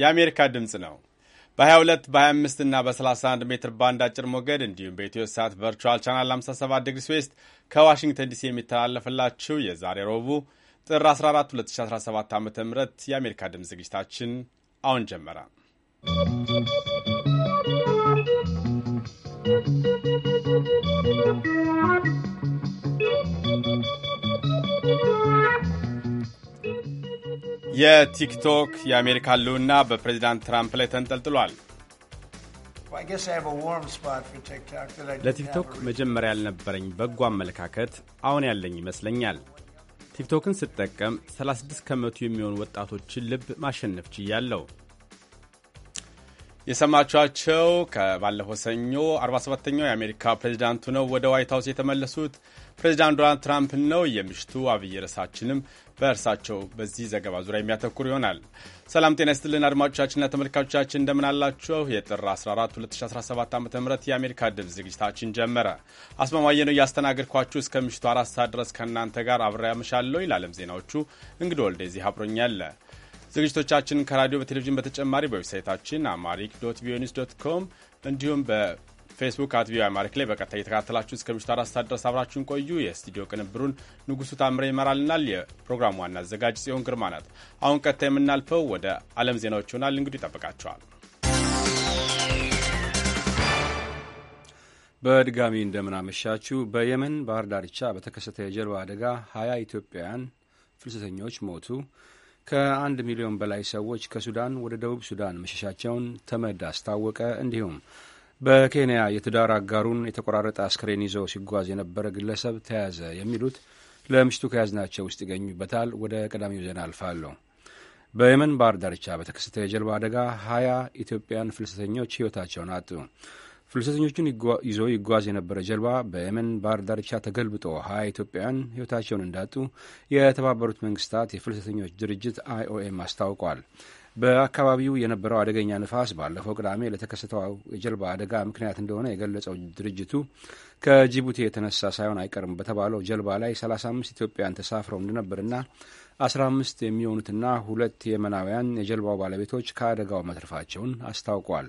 የአሜሪካ ድምፅ ነው። በ22 በ25 እና በ31 ሜትር ባንድ አጭር ሞገድ እንዲሁም በኢትዮ ሳት ቨርቹዋል ቻናል 57 ዲግሪ ስዌስት ከዋሽንግተን ዲሲ የሚተላለፍላችሁ የዛሬ ረቡዕ ጥር 14 2017 ዓ ም የአሜሪካ ድምፅ ዝግጅታችን አሁን ጀመረ። የቲክቶክ የአሜሪካ ህልውና በፕሬዚዳንት ትራምፕ ላይ ተንጠልጥሏል። ለቲክቶክ መጀመሪያ ያልነበረኝ በጎ አመለካከት አሁን ያለኝ ይመስለኛል። ቲክቶክን ስጠቀም 36 ከመቶ የሚሆኑ ወጣቶችን ልብ ማሸነፍ ችያለሁ። የሰማችኋቸው ከባለፈው ሰኞ 47ኛው የአሜሪካ ፕሬዚዳንቱ ነው ወደ ዋይት ሀውስ የተመለሱት ፕሬዚዳንት ዶናልድ ትራምፕ ነው። የምሽቱ አብይ ርዕሳችንም በእርሳቸው በዚህ ዘገባ ዙሪያ የሚያተኩር ይሆናል። ሰላም ጤና ይስጥልን አድማጮቻችንና ተመልካቾቻችን እንደምን አላችሁ? የጥር 14 2017 ዓ ም የአሜሪካ ድምፅ ዝግጅታችን ጀመረ። አስማማየ ነው እያስተናገድኳችሁ እስከ ምሽቱ አራት ሰዓት ድረስ ከእናንተ ጋር አብሬ አመሻለሁ። ለዓለም ዜናዎቹ እንግዲህ ወልደ ዚህ አብሮኛለ ዝግጅቶቻችን ከራዲዮ በቴሌቪዥን በተጨማሪ በዌብሳይታችን አማሪክ ዶት ቪኦኤ ኒውስ ዶት ኮም እንዲሁም በፌስቡክ አት ቪኦኤ አማሪክ ላይ በቀጥታ እየተከታተላችሁ እስከ ምሽቱ አራት ሰዓት ድረስ አብራችሁን ቆዩ። የስቱዲዮ ቅንብሩን ንጉሱ ታምረ ይመራልናል። የፕሮግራሙ ዋና አዘጋጅ ጽዮን ግርማ ናት። አሁን ቀጥታ የምናልፈው ወደ ዓለም ዜናዎች ይሆናል። እንግዲህ ይጠብቃቸዋል በድጋሚ እንደምናመሻችሁ። በየመን ባህር ዳርቻ በተከሰተ የጀልባ አደጋ ሀያ ኢትዮጵያውያን ፍልሰተኞች ሞቱ። ከአንድ ሚሊዮን በላይ ሰዎች ከሱዳን ወደ ደቡብ ሱዳን መሸሻቸውን ተመድ አስታወቀ። እንዲሁም በኬንያ የትዳር አጋሩን የተቆራረጠ አስክሬን ይዞ ሲጓዝ የነበረ ግለሰብ ተያዘ። የሚሉት ለምሽቱ ከያዝናቸው ውስጥ ይገኙበታል። ወደ ቀዳሚው ዜና አልፋለሁ። በየመን ባህር ዳርቻ በተከሰተ የጀልባ አደጋ ሀያ ኢትዮጵያን ፍልሰተኞች ሕይወታቸውን አጡ። ፍልሰተኞቹን ይዞ ይጓዝ የነበረ ጀልባ በየመን ባህር ዳርቻ ተገልብጦ ሀያ ኢትዮጵያውያን ሕይወታቸውን እንዳጡ የተባበሩት መንግስታት የፍልሰተኞች ድርጅት አይኦኤም አስታውቋል። በአካባቢው የነበረው አደገኛ ንፋስ ባለፈው ቅዳሜ ለተከሰተው የጀልባ አደጋ ምክንያት እንደሆነ የገለጸው ድርጅቱ ከጅቡቲ የተነሳ ሳይሆን አይቀርም በተባለው ጀልባ ላይ 35 ኢትዮጵያን ተሳፍረው እንደነበርና 15 የሚሆኑትና ሁለት የመናውያን የጀልባው ባለቤቶች ከአደጋው መትረፋቸውን አስታውቋል።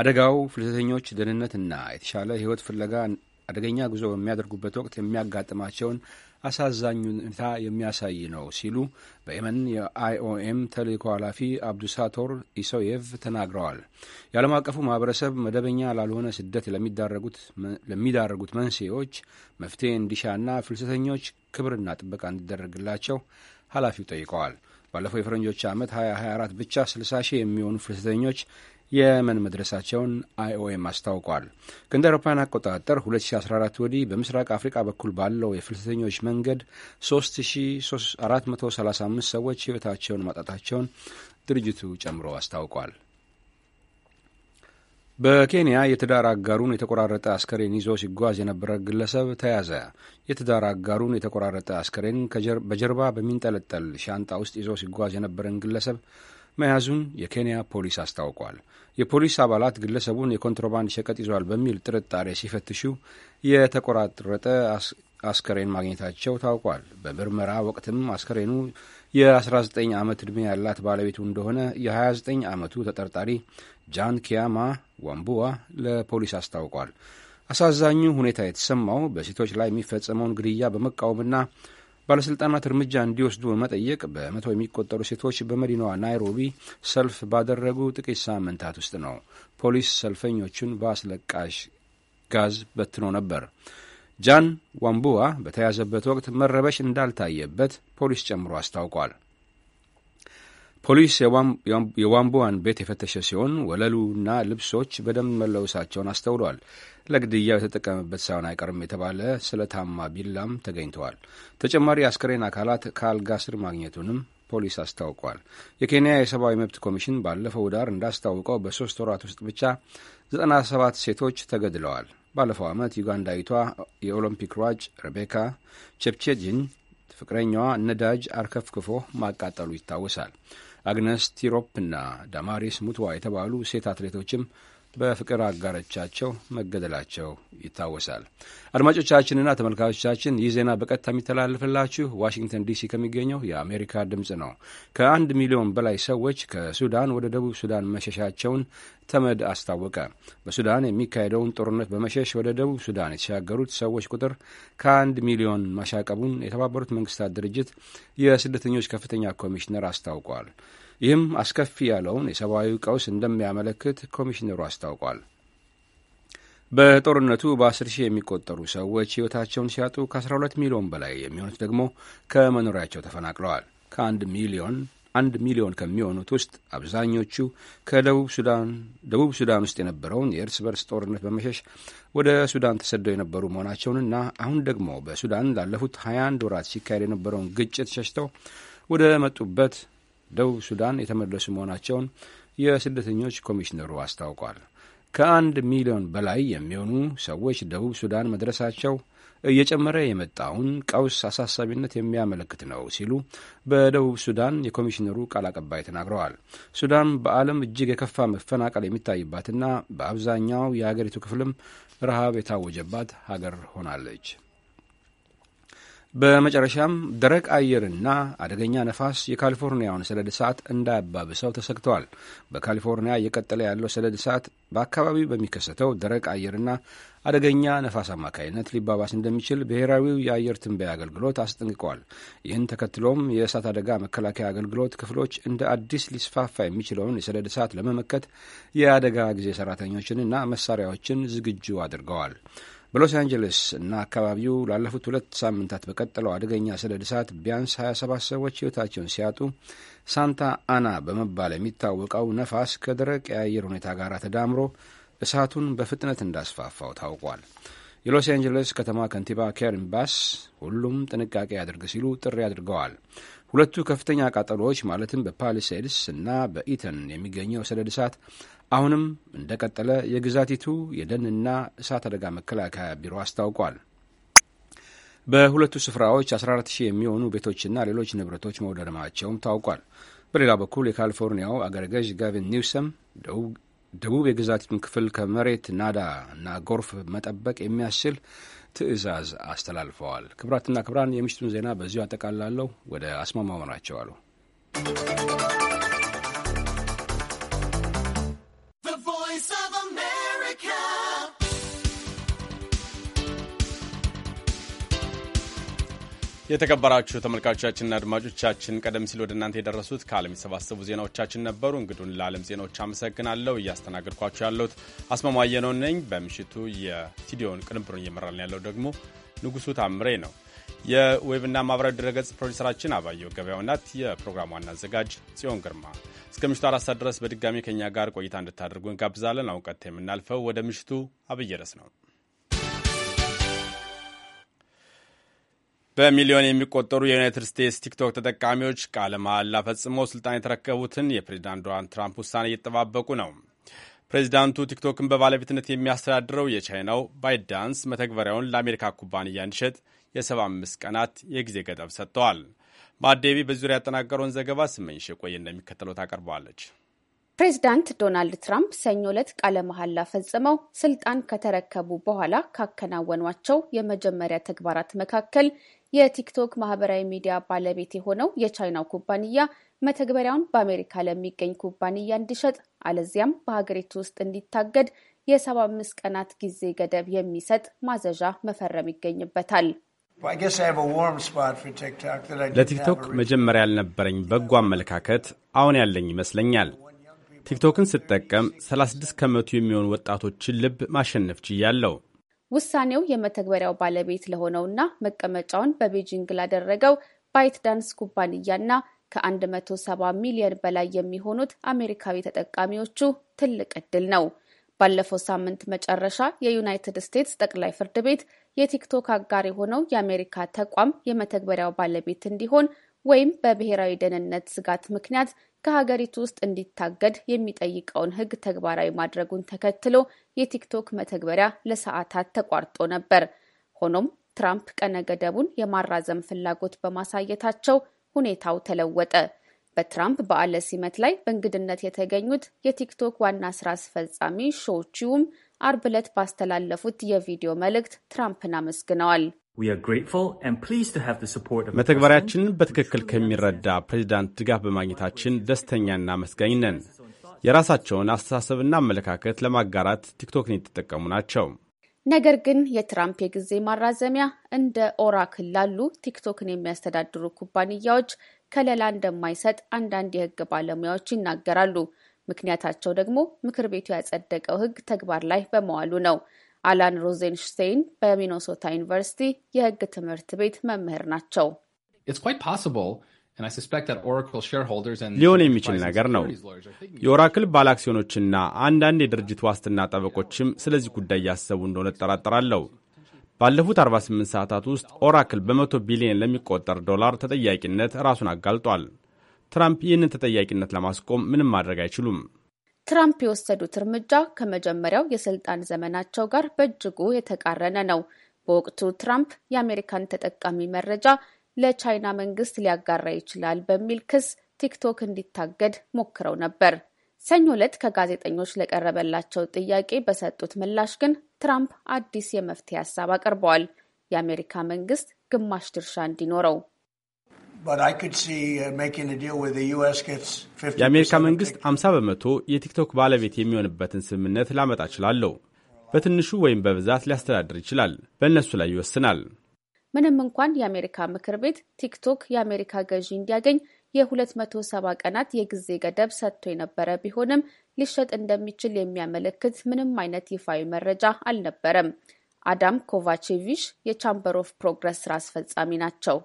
አደጋው ፍልሰተኞች ደህንነትና የተሻለ ሕይወት ፍለጋ አደገኛ ጉዞ በሚያደርጉበት ወቅት የሚያጋጥማቸውን አሳዛኝ ሁኔታ የሚያሳይ ነው ሲሉ በየመን የአይኦኤም ተልእኮ ኃላፊ አብዱሳቶር ኢሶየቭ ተናግረዋል። የዓለም አቀፉ ማህበረሰብ መደበኛ ላልሆነ ስደት ለሚዳረጉት መንስኤዎች መፍትሄ እንዲሻና ፍልሰተኞች ክብርና ጥበቃ እንዲደረግላቸው ኃላፊው ጠይቀዋል። ባለፈው የፈረንጆች ዓመት 2024 ብቻ 60 ሺህ የሚሆኑ ፍልሰተኞች የመን መድረሳቸውን አይኦኤም አስታውቋል። ከእንደ አውሮፓውያን አቆጣጠር 2014 ወዲህ በምስራቅ አፍሪካ በኩል ባለው የፍልሰተኞች መንገድ 3435 ሰዎች ሕይወታቸውን ማጣታቸውን ድርጅቱ ጨምሮ አስታውቋል። በኬንያ የትዳር አጋሩን የተቆራረጠ አስከሬን ይዞ ሲጓዝ የነበረ ግለሰብ ተያዘ። የትዳር አጋሩን የተቆራረጠ አስከሬን በጀርባ በሚንጠለጠል ሻንጣ ውስጥ ይዞ ሲጓዝ የነበረን ግለሰብ መያዙን የኬንያ ፖሊስ አስታውቋል። የፖሊስ አባላት ግለሰቡን የኮንትሮባንድ ሸቀጥ ይዟል በሚል ጥርጣሬ ሲፈትሹ የተቆራረጠ አስከሬን ማግኘታቸው ታውቋል። በምርመራ ወቅትም አስከሬኑ የ19 ዓመት ዕድሜ ያላት ባለቤቱ እንደሆነ የ29 ዓመቱ ተጠርጣሪ ጃን ኪያማ ዋምቡዋ ለፖሊስ አስታውቋል። አሳዛኙ ሁኔታ የተሰማው በሴቶች ላይ የሚፈጸመውን ግድያ በመቃወምና ባለሥልጣናት እርምጃ እንዲወስዱ በመጠየቅ በመቶ የሚቆጠሩ ሴቶች በመዲናዋ ናይሮቢ ሰልፍ ባደረጉ ጥቂት ሳምንታት ውስጥ ነው። ፖሊስ ሰልፈኞቹን በአስለቃሽ ጋዝ በትኖ ነበር። ጃን ዋምቡዋ በተያዘበት ወቅት መረበሽ እንዳልታየበት ፖሊስ ጨምሮ አስታውቋል። ፖሊስ የዋምቦዋን ቤት የፈተሸ ሲሆን ወለሉና ልብሶች በደም መለወሳቸውን አስተውሏል። ለግድያው የተጠቀመበት ሳይሆን አይቀርም የተባለ ስለታማ ቢላም ተገኝተዋል። ተጨማሪ አስክሬን አካላት ከአልጋ ስር ማግኘቱንም ፖሊስ አስታውቋል። የኬንያ የሰብአዊ መብት ኮሚሽን ባለፈው ዳር እንዳስታውቀው በሶስት ወራት ውስጥ ብቻ 97 ሴቶች ተገድለዋል። ባለፈው ዓመት ዩጋንዳዊቷ የኦሎምፒክ ሯጭ ሬቤካ ቼፕቼጂን ፍቅረኛዋ ነዳጅ አርከፍክፎ ማቃጠሉ ይታወሳል። አግነስ ቲሮፕና ዳማሪስ ሙትዋ የተባሉ ሴት አትሌቶችም በፍቅር አጋሮቻቸው መገደላቸው ይታወሳል። አድማጮቻችንና ተመልካቾቻችን ይህ ዜና በቀጥታ የሚተላለፍላችሁ ዋሽንግተን ዲሲ ከሚገኘው የአሜሪካ ድምፅ ነው። ከአንድ ሚሊዮን በላይ ሰዎች ከሱዳን ወደ ደቡብ ሱዳን መሸሻቸውን ተመድ አስታወቀ። በሱዳን የሚካሄደውን ጦርነት በመሸሽ ወደ ደቡብ ሱዳን የተሻገሩት ሰዎች ቁጥር ከአንድ ሚሊዮን ማሻቀቡን የተባበሩት መንግስታት ድርጅት የስደተኞች ከፍተኛ ኮሚሽነር አስታውቋል። ይህም አስከፊ ያለውን የሰብአዊ ቀውስ እንደሚያመለክት ኮሚሽነሩ አስታውቋል። በጦርነቱ በ10 ሺህ የሚቆጠሩ ሰዎች ሕይወታቸውን ሲያጡ ከ12 ሚሊዮን በላይ የሚሆኑት ደግሞ ከመኖሪያቸው ተፈናቅለዋል። ከአንድ ሚሊዮን አንድ ሚሊዮን ከሚሆኑት ውስጥ አብዛኞቹ ከደቡብ ሱዳን ደቡብ ሱዳን ውስጥ የነበረውን የእርስ በርስ ጦርነት በመሸሽ ወደ ሱዳን ተሰደው የነበሩ መሆናቸውንና አሁን ደግሞ በሱዳን ላለፉት 21 ወራት ሲካሄድ የነበረውን ግጭት ሸሽተው ወደ መጡበት ደቡብ ሱዳን የተመለሱ መሆናቸውን የስደተኞች ኮሚሽነሩ አስታውቋል። ከአንድ ሚሊዮን በላይ የሚሆኑ ሰዎች ደቡብ ሱዳን መድረሳቸው እየጨመረ የመጣውን ቀውስ አሳሳቢነት የሚያመለክት ነው ሲሉ በደቡብ ሱዳን የኮሚሽነሩ ቃል አቀባይ ተናግረዋል። ሱዳን በዓለም እጅግ የከፋ መፈናቀል የሚታይባትና በአብዛኛው የሀገሪቱ ክፍልም ረሃብ የታወጀባት ሀገር ሆናለች። በመጨረሻም ደረቅ አየርና አደገኛ ነፋስ የካሊፎርኒያውን ሰደድ እሳት እንዳያባብሰው ተሰግተዋል። በካሊፎርኒያ እየቀጠለ ያለው ሰደድ እሳት በአካባቢው በሚከሰተው ደረቅ አየርና አደገኛ ነፋስ አማካይነት ሊባባስ እንደሚችል ብሔራዊው የአየር ትንበያ አገልግሎት አስጠንቅቀዋል። ይህን ተከትሎም የእሳት አደጋ መከላከያ አገልግሎት ክፍሎች እንደ አዲስ ሊስፋፋ የሚችለውን የሰደድ እሳት ለመመከት የአደጋ ጊዜ ሰራተኞችንና መሳሪያዎችን ዝግጁ አድርገዋል። በሎስ አንጀለስ እና አካባቢው ላለፉት ሁለት ሳምንታት በቀጠለው አደገኛ ሰደድ እሳት ቢያንስ 27 ሰዎች ሕይወታቸውን ሲያጡ ሳንታ አና በመባል የሚታወቀው ነፋስ ከደረቅ የአየር ሁኔታ ጋር ተዳምሮ እሳቱን በፍጥነት እንዳስፋፋው ታውቋል። የሎስ አንጀለስ ከተማ ከንቲባ ኬርን ባስ ሁሉም ጥንቃቄ ያድርግ ሲሉ ጥሪ አድርገዋል። ሁለቱ ከፍተኛ ቃጠሎዎች ማለትም በፓሊሴድስ እና በኢተን የሚገኘው ሰደድ እሳት አሁንም እንደቀጠለ የግዛቲቱ የደንና እሳት አደጋ መከላከያ ቢሮ አስታውቋል። በሁለቱ ስፍራዎች 140 የሚሆኑ ቤቶችና ሌሎች ንብረቶች መውደድማቸውም ታውቋል። በሌላ በኩል የካሊፎርኒያው አገረ ገዥ ጋቪን ኒውሰም ደቡብ የግዛቲቱን ክፍል ከመሬት ናዳ እና ጎርፍ መጠበቅ የሚያስችል ትዕዛዝ አስተላልፈዋል። ክብራትና ክብራን፣ የምሽቱን ዜና በዚሁ አጠቃላለሁ። ወደ አስማማመራቸው አሉ የተከበራችሁ ተመልካቾቻችንና አድማጮቻችን ቀደም ሲል ወደ እናንተ የደረሱት ከዓለም የተሰባሰቡ ዜናዎቻችን ነበሩ። እንግዱን ለዓለም ዜናዎች አመሰግናለሁ። እያስተናገድኳችሁ ያለሁት አስማማየ ነው ነኝ። በምሽቱ የስቱዲዮን ቅንብሩን እየመራልን ያለው ደግሞ ንጉሱ ታምሬ ነው። የዌብና ማህበራዊ ድረገጽ ፕሮዲሰራችን አባየው ገበያው ናት። የፕሮግራም ዋና አዘጋጅ ጽዮን ግርማ። እስከ ምሽቱ አራት ሰዓት ድረስ በድጋሚ ከእኛ ጋር ቆይታ እንድታደርጉ እንጋብዛለን። አሁን ቀጥታ የምናልፈው ወደ ምሽቱ አብይ ርዕስ ነው። በሚሊዮን የሚቆጠሩ የዩናይትድ ስቴትስ ቲክቶክ ተጠቃሚዎች ቃለ መሐላ ፈጽመው ስልጣን የተረከቡትን የፕሬዚዳንት ዶናልድ ትራምፕ ውሳኔ እየተጠባበቁ ነው። ፕሬዚዳንቱ ቲክቶክን በባለቤትነት የሚያስተዳድረው የቻይናው ባይዳንስ መተግበሪያውን ለአሜሪካ ኩባንያ እንዲሸጥ የ75 ቀናት የጊዜ ገደብ ሰጥተዋል። ማዴቪ በዙሪያ ያጠናቀረውን ዘገባ ስመኝሽ የቆየ እንደሚከተለው ታቀርበዋለች። ፕሬዚዳንት ዶናልድ ትራምፕ ሰኞ ዕለት ቃለ መሐላ ፈጽመው ስልጣን ከተረከቡ በኋላ ካከናወኗቸው የመጀመሪያ ተግባራት መካከል የቲክቶክ ማህበራዊ ሚዲያ ባለቤት የሆነው የቻይናው ኩባንያ መተግበሪያውን በአሜሪካ ለሚገኝ ኩባንያ እንዲሸጥ አለዚያም በሀገሪቱ ውስጥ እንዲታገድ የሰባ አምስት ቀናት ጊዜ ገደብ የሚሰጥ ማዘዣ መፈረም ይገኝበታል። ለቲክቶክ መጀመሪያ ያልነበረኝ በጎ አመለካከት አሁን ያለኝ ይመስለኛል። ቲክቶክን ስጠቀም 36 ከመቶ የሚሆኑ ወጣቶችን ልብ ማሸነፍ ችያለሁ። ውሳኔው የመተግበሪያው ባለቤት ለሆነውና መቀመጫውን በቤጂንግ ላደረገው ባይት ዳንስ ኩባንያና ከ170 ሚሊዮን በላይ የሚሆኑት አሜሪካዊ ተጠቃሚዎቹ ትልቅ ዕድል ነው። ባለፈው ሳምንት መጨረሻ የዩናይትድ ስቴትስ ጠቅላይ ፍርድ ቤት የቲክቶክ አጋር የሆነው የአሜሪካ ተቋም የመተግበሪያው ባለቤት እንዲሆን ወይም በብሔራዊ ደህንነት ስጋት ምክንያት ከሀገሪቱ ውስጥ እንዲታገድ የሚጠይቀውን ሕግ ተግባራዊ ማድረጉን ተከትሎ የቲክቶክ መተግበሪያ ለሰዓታት ተቋርጦ ነበር። ሆኖም ትራምፕ ቀነ ገደቡን የማራዘም ፍላጎት በማሳየታቸው ሁኔታው ተለወጠ። በትራምፕ በዓለ ሲመት ላይ በእንግድነት የተገኙት የቲክቶክ ዋና ስራ አስፈጻሚ ሾው ቺዩም አርብ ዕለት ባስተላለፉት የቪዲዮ መልእክት ትራምፕን አመስግነዋል። መተግበሪያችንን በትክክል ከሚረዳ ፕሬዚዳንት ድጋፍ በማግኘታችን ደስተኛና አመስጋኝ ነን። የራሳቸውን አስተሳሰብና አመለካከት ለማጋራት ቲክቶክን የተጠቀሙ ናቸው። ነገር ግን የትራምፕ የጊዜ ማራዘሚያ እንደ ኦራክል ላሉ ቲክቶክን የሚያስተዳድሩ ኩባንያዎች ከለላ እንደማይሰጥ አንዳንድ የሕግ ባለሙያዎች ይናገራሉ። ምክንያታቸው ደግሞ ምክር ቤቱ ያጸደቀው ሕግ ተግባር ላይ በመዋሉ ነው። አላን ሮዜንሽቴይን በሚኖሶታ ዩኒቨርሲቲ የሕግ ትምህርት ቤት መምህር ናቸው። ሊሆን የሚችል ነገር ነው። የኦራክል ባለአክሲዮኖችና አንዳንድ የድርጅት ዋስትና ጠበቆችም ስለዚህ ጉዳይ እያሰቡ እንደሆነ እጠራጠራለሁ። ባለፉት 48 ሰዓታት ውስጥ ኦራክል በመቶ ቢሊዮን ለሚቆጠር ዶላር ተጠያቂነት ራሱን አጋልጧል። ትራምፕ ይህንን ተጠያቂነት ለማስቆም ምንም ማድረግ አይችሉም። ትራምፕ የወሰዱት እርምጃ ከመጀመሪያው የስልጣን ዘመናቸው ጋር በእጅጉ የተቃረነ ነው። በወቅቱ ትራምፕ የአሜሪካን ተጠቃሚ መረጃ ለቻይና መንግስት ሊያጋራ ይችላል በሚል ክስ ቲክቶክ እንዲታገድ ሞክረው ነበር። ሰኞ ዕለት ከጋዜጠኞች ለቀረበላቸው ጥያቄ በሰጡት ምላሽ ግን ትራምፕ አዲስ የመፍትሄ ሀሳብ አቅርበዋል። የአሜሪካ መንግስት ግማሽ ድርሻ እንዲኖረው Uh, የአሜሪካ መንግስት 50 በመቶ የቲክቶክ ባለቤት የሚሆንበትን ስምምነት ላመጣ እችላለሁ። በትንሹ ወይም በብዛት ሊያስተዳድር ይችላል። በእነሱ ላይ ይወስናል። ምንም እንኳን የአሜሪካ ምክር ቤት ቲክቶክ የአሜሪካ ገዢ እንዲያገኝ የ270 ቀናት የጊዜ ገደብ ሰጥቶ የነበረ ቢሆንም ሊሸጥ እንደሚችል የሚያመለክት ምንም አይነት ይፋዊ መረጃ አልነበረም። አዳም ኮቫቼቪሽ የቻምበር ኦፍ ፕሮግረስ ስራ አስፈጻሚ ናቸው።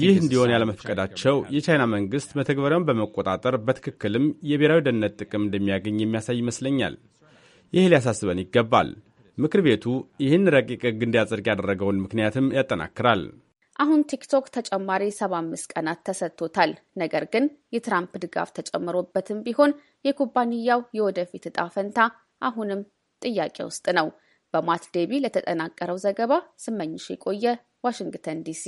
ይህ እንዲሆን ያለመፍቀዳቸው የቻይና መንግስት መተግበሪያውን በመቆጣጠር በትክክልም የብሔራዊ ደህንነት ጥቅም እንደሚያገኝ የሚያሳይ ይመስለኛል። ይህ ሊያሳስበን ይገባል። ምክር ቤቱ ይህን ረቂቅ ሕግ እንዲያጸድቅ ያደረገውን ምክንያትም ያጠናክራል። አሁን ቲክቶክ ተጨማሪ 75 ቀናት ተሰጥቶታል። ነገር ግን የትራምፕ ድጋፍ ተጨምሮበትም ቢሆን የኩባንያው የወደፊት እጣ ፈንታ አሁንም ጥያቄ ውስጥ ነው። በማት ዴቢ ለተጠናቀረው ዘገባ ስመኝሽ የቆየ ዋሽንግተን ዲሲ።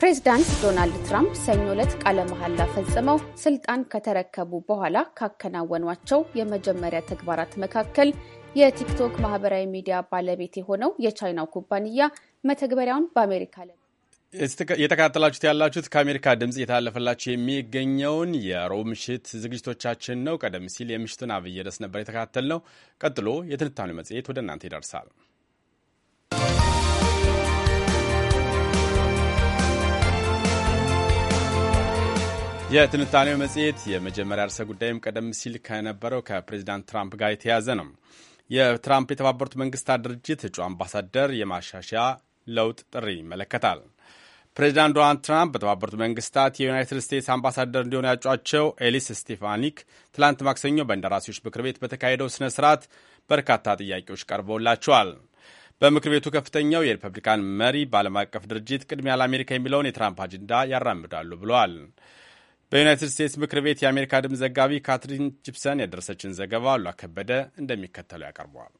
ፕሬዚዳንት ዶናልድ ትራምፕ ሰኞ ዕለት ቃለ መሐላ ፈጽመው ስልጣን ከተረከቡ በኋላ ካከናወኗቸው የመጀመሪያ ተግባራት መካከል የቲክቶክ ማህበራዊ ሚዲያ ባለቤት የሆነው የቻይናው ኩባንያ መተግበሪያውን በአሜሪካ የተከታተላችሁት ያላችሁት ከአሜሪካ ድምፅ እየተላለፈላችሁ የሚገኘውን የሮብ ምሽት ዝግጅቶቻችን ነው። ቀደም ሲል የምሽቱን አብይ ርዕስ ነበር ነው። ቀጥሎ የትንታኔው መጽሔት ወደ እናንተ ይደርሳል። የትንታኔው መጽሔት የመጀመሪያ ርዕሰ ጉዳይም ቀደም ሲል ከነበረው ከፕሬዚዳንት ትራምፕ ጋር የተያዘ ነው። የትራምፕ የተባበሩት መንግስታት ድርጅት እጩ አምባሳደር የማሻሻያ ለውጥ ጥሪ ይመለከታል። ፕሬዚዳንት ዶናልድ ትራምፕ በተባበሩት መንግስታት የዩናይትድ ስቴትስ አምባሳደር እንዲሆኑ ያጯቸው ኤሊስ ስቴፋኒክ ትላንት ማክሰኞ በእንደራሴዎች ምክር ቤት በተካሄደው ስነ ስርዓት በርካታ ጥያቄዎች ቀርበውላቸዋል። በምክር ቤቱ ከፍተኛው የሪፐብሊካን መሪ በዓለም አቀፍ ድርጅት ቅድሚያ ለአሜሪካ የሚለውን የትራምፕ አጀንዳ ያራምዳሉ ብለዋል። በዩናይትድ ስቴትስ ምክር ቤት የአሜሪካ ድምፅ ዘጋቢ ካትሪን ጂፕሰን ያደረሰችን ዘገባ አሉ ከበደ እንደሚከተለው ያቀርበዋል።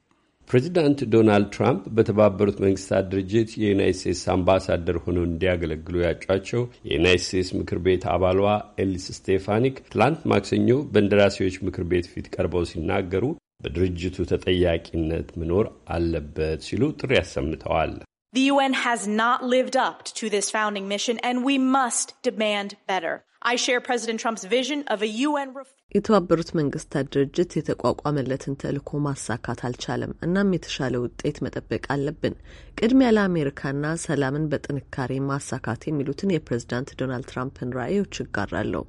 ፕሬዚዳንት ዶናልድ ትራምፕ በተባበሩት መንግስታት ድርጅት የዩናይት ስቴትስ አምባሳደር ሆነው እንዲያገለግሉ ያጯቸው የዩናይት ስቴትስ ምክር ቤት አባሏ ኤሊስ ስቴፋኒክ ትላንት ማክሰኞ በእንደራሴዎች ምክር ቤት ፊት ቀርበው ሲናገሩ በድርጅቱ ተጠያቂነት መኖር አለበት ሲሉ ጥሪ አሰምተዋል። The UN has not lived up to this founding mission and we must demand better. የተባበሩት መንግስታት ድርጅት የተቋቋመለትን ተልእኮ ማሳካት አልቻለም። እናም የተሻለ ውጤት መጠበቅ አለብን። ቅድሚያ ለአሜሪካና ሰላምን በጥንካሬ ማሳካት የሚሉትን የፕሬዝዳንት ዶናልድ ትራምፕን ራዕዮች ይጋራለሁ።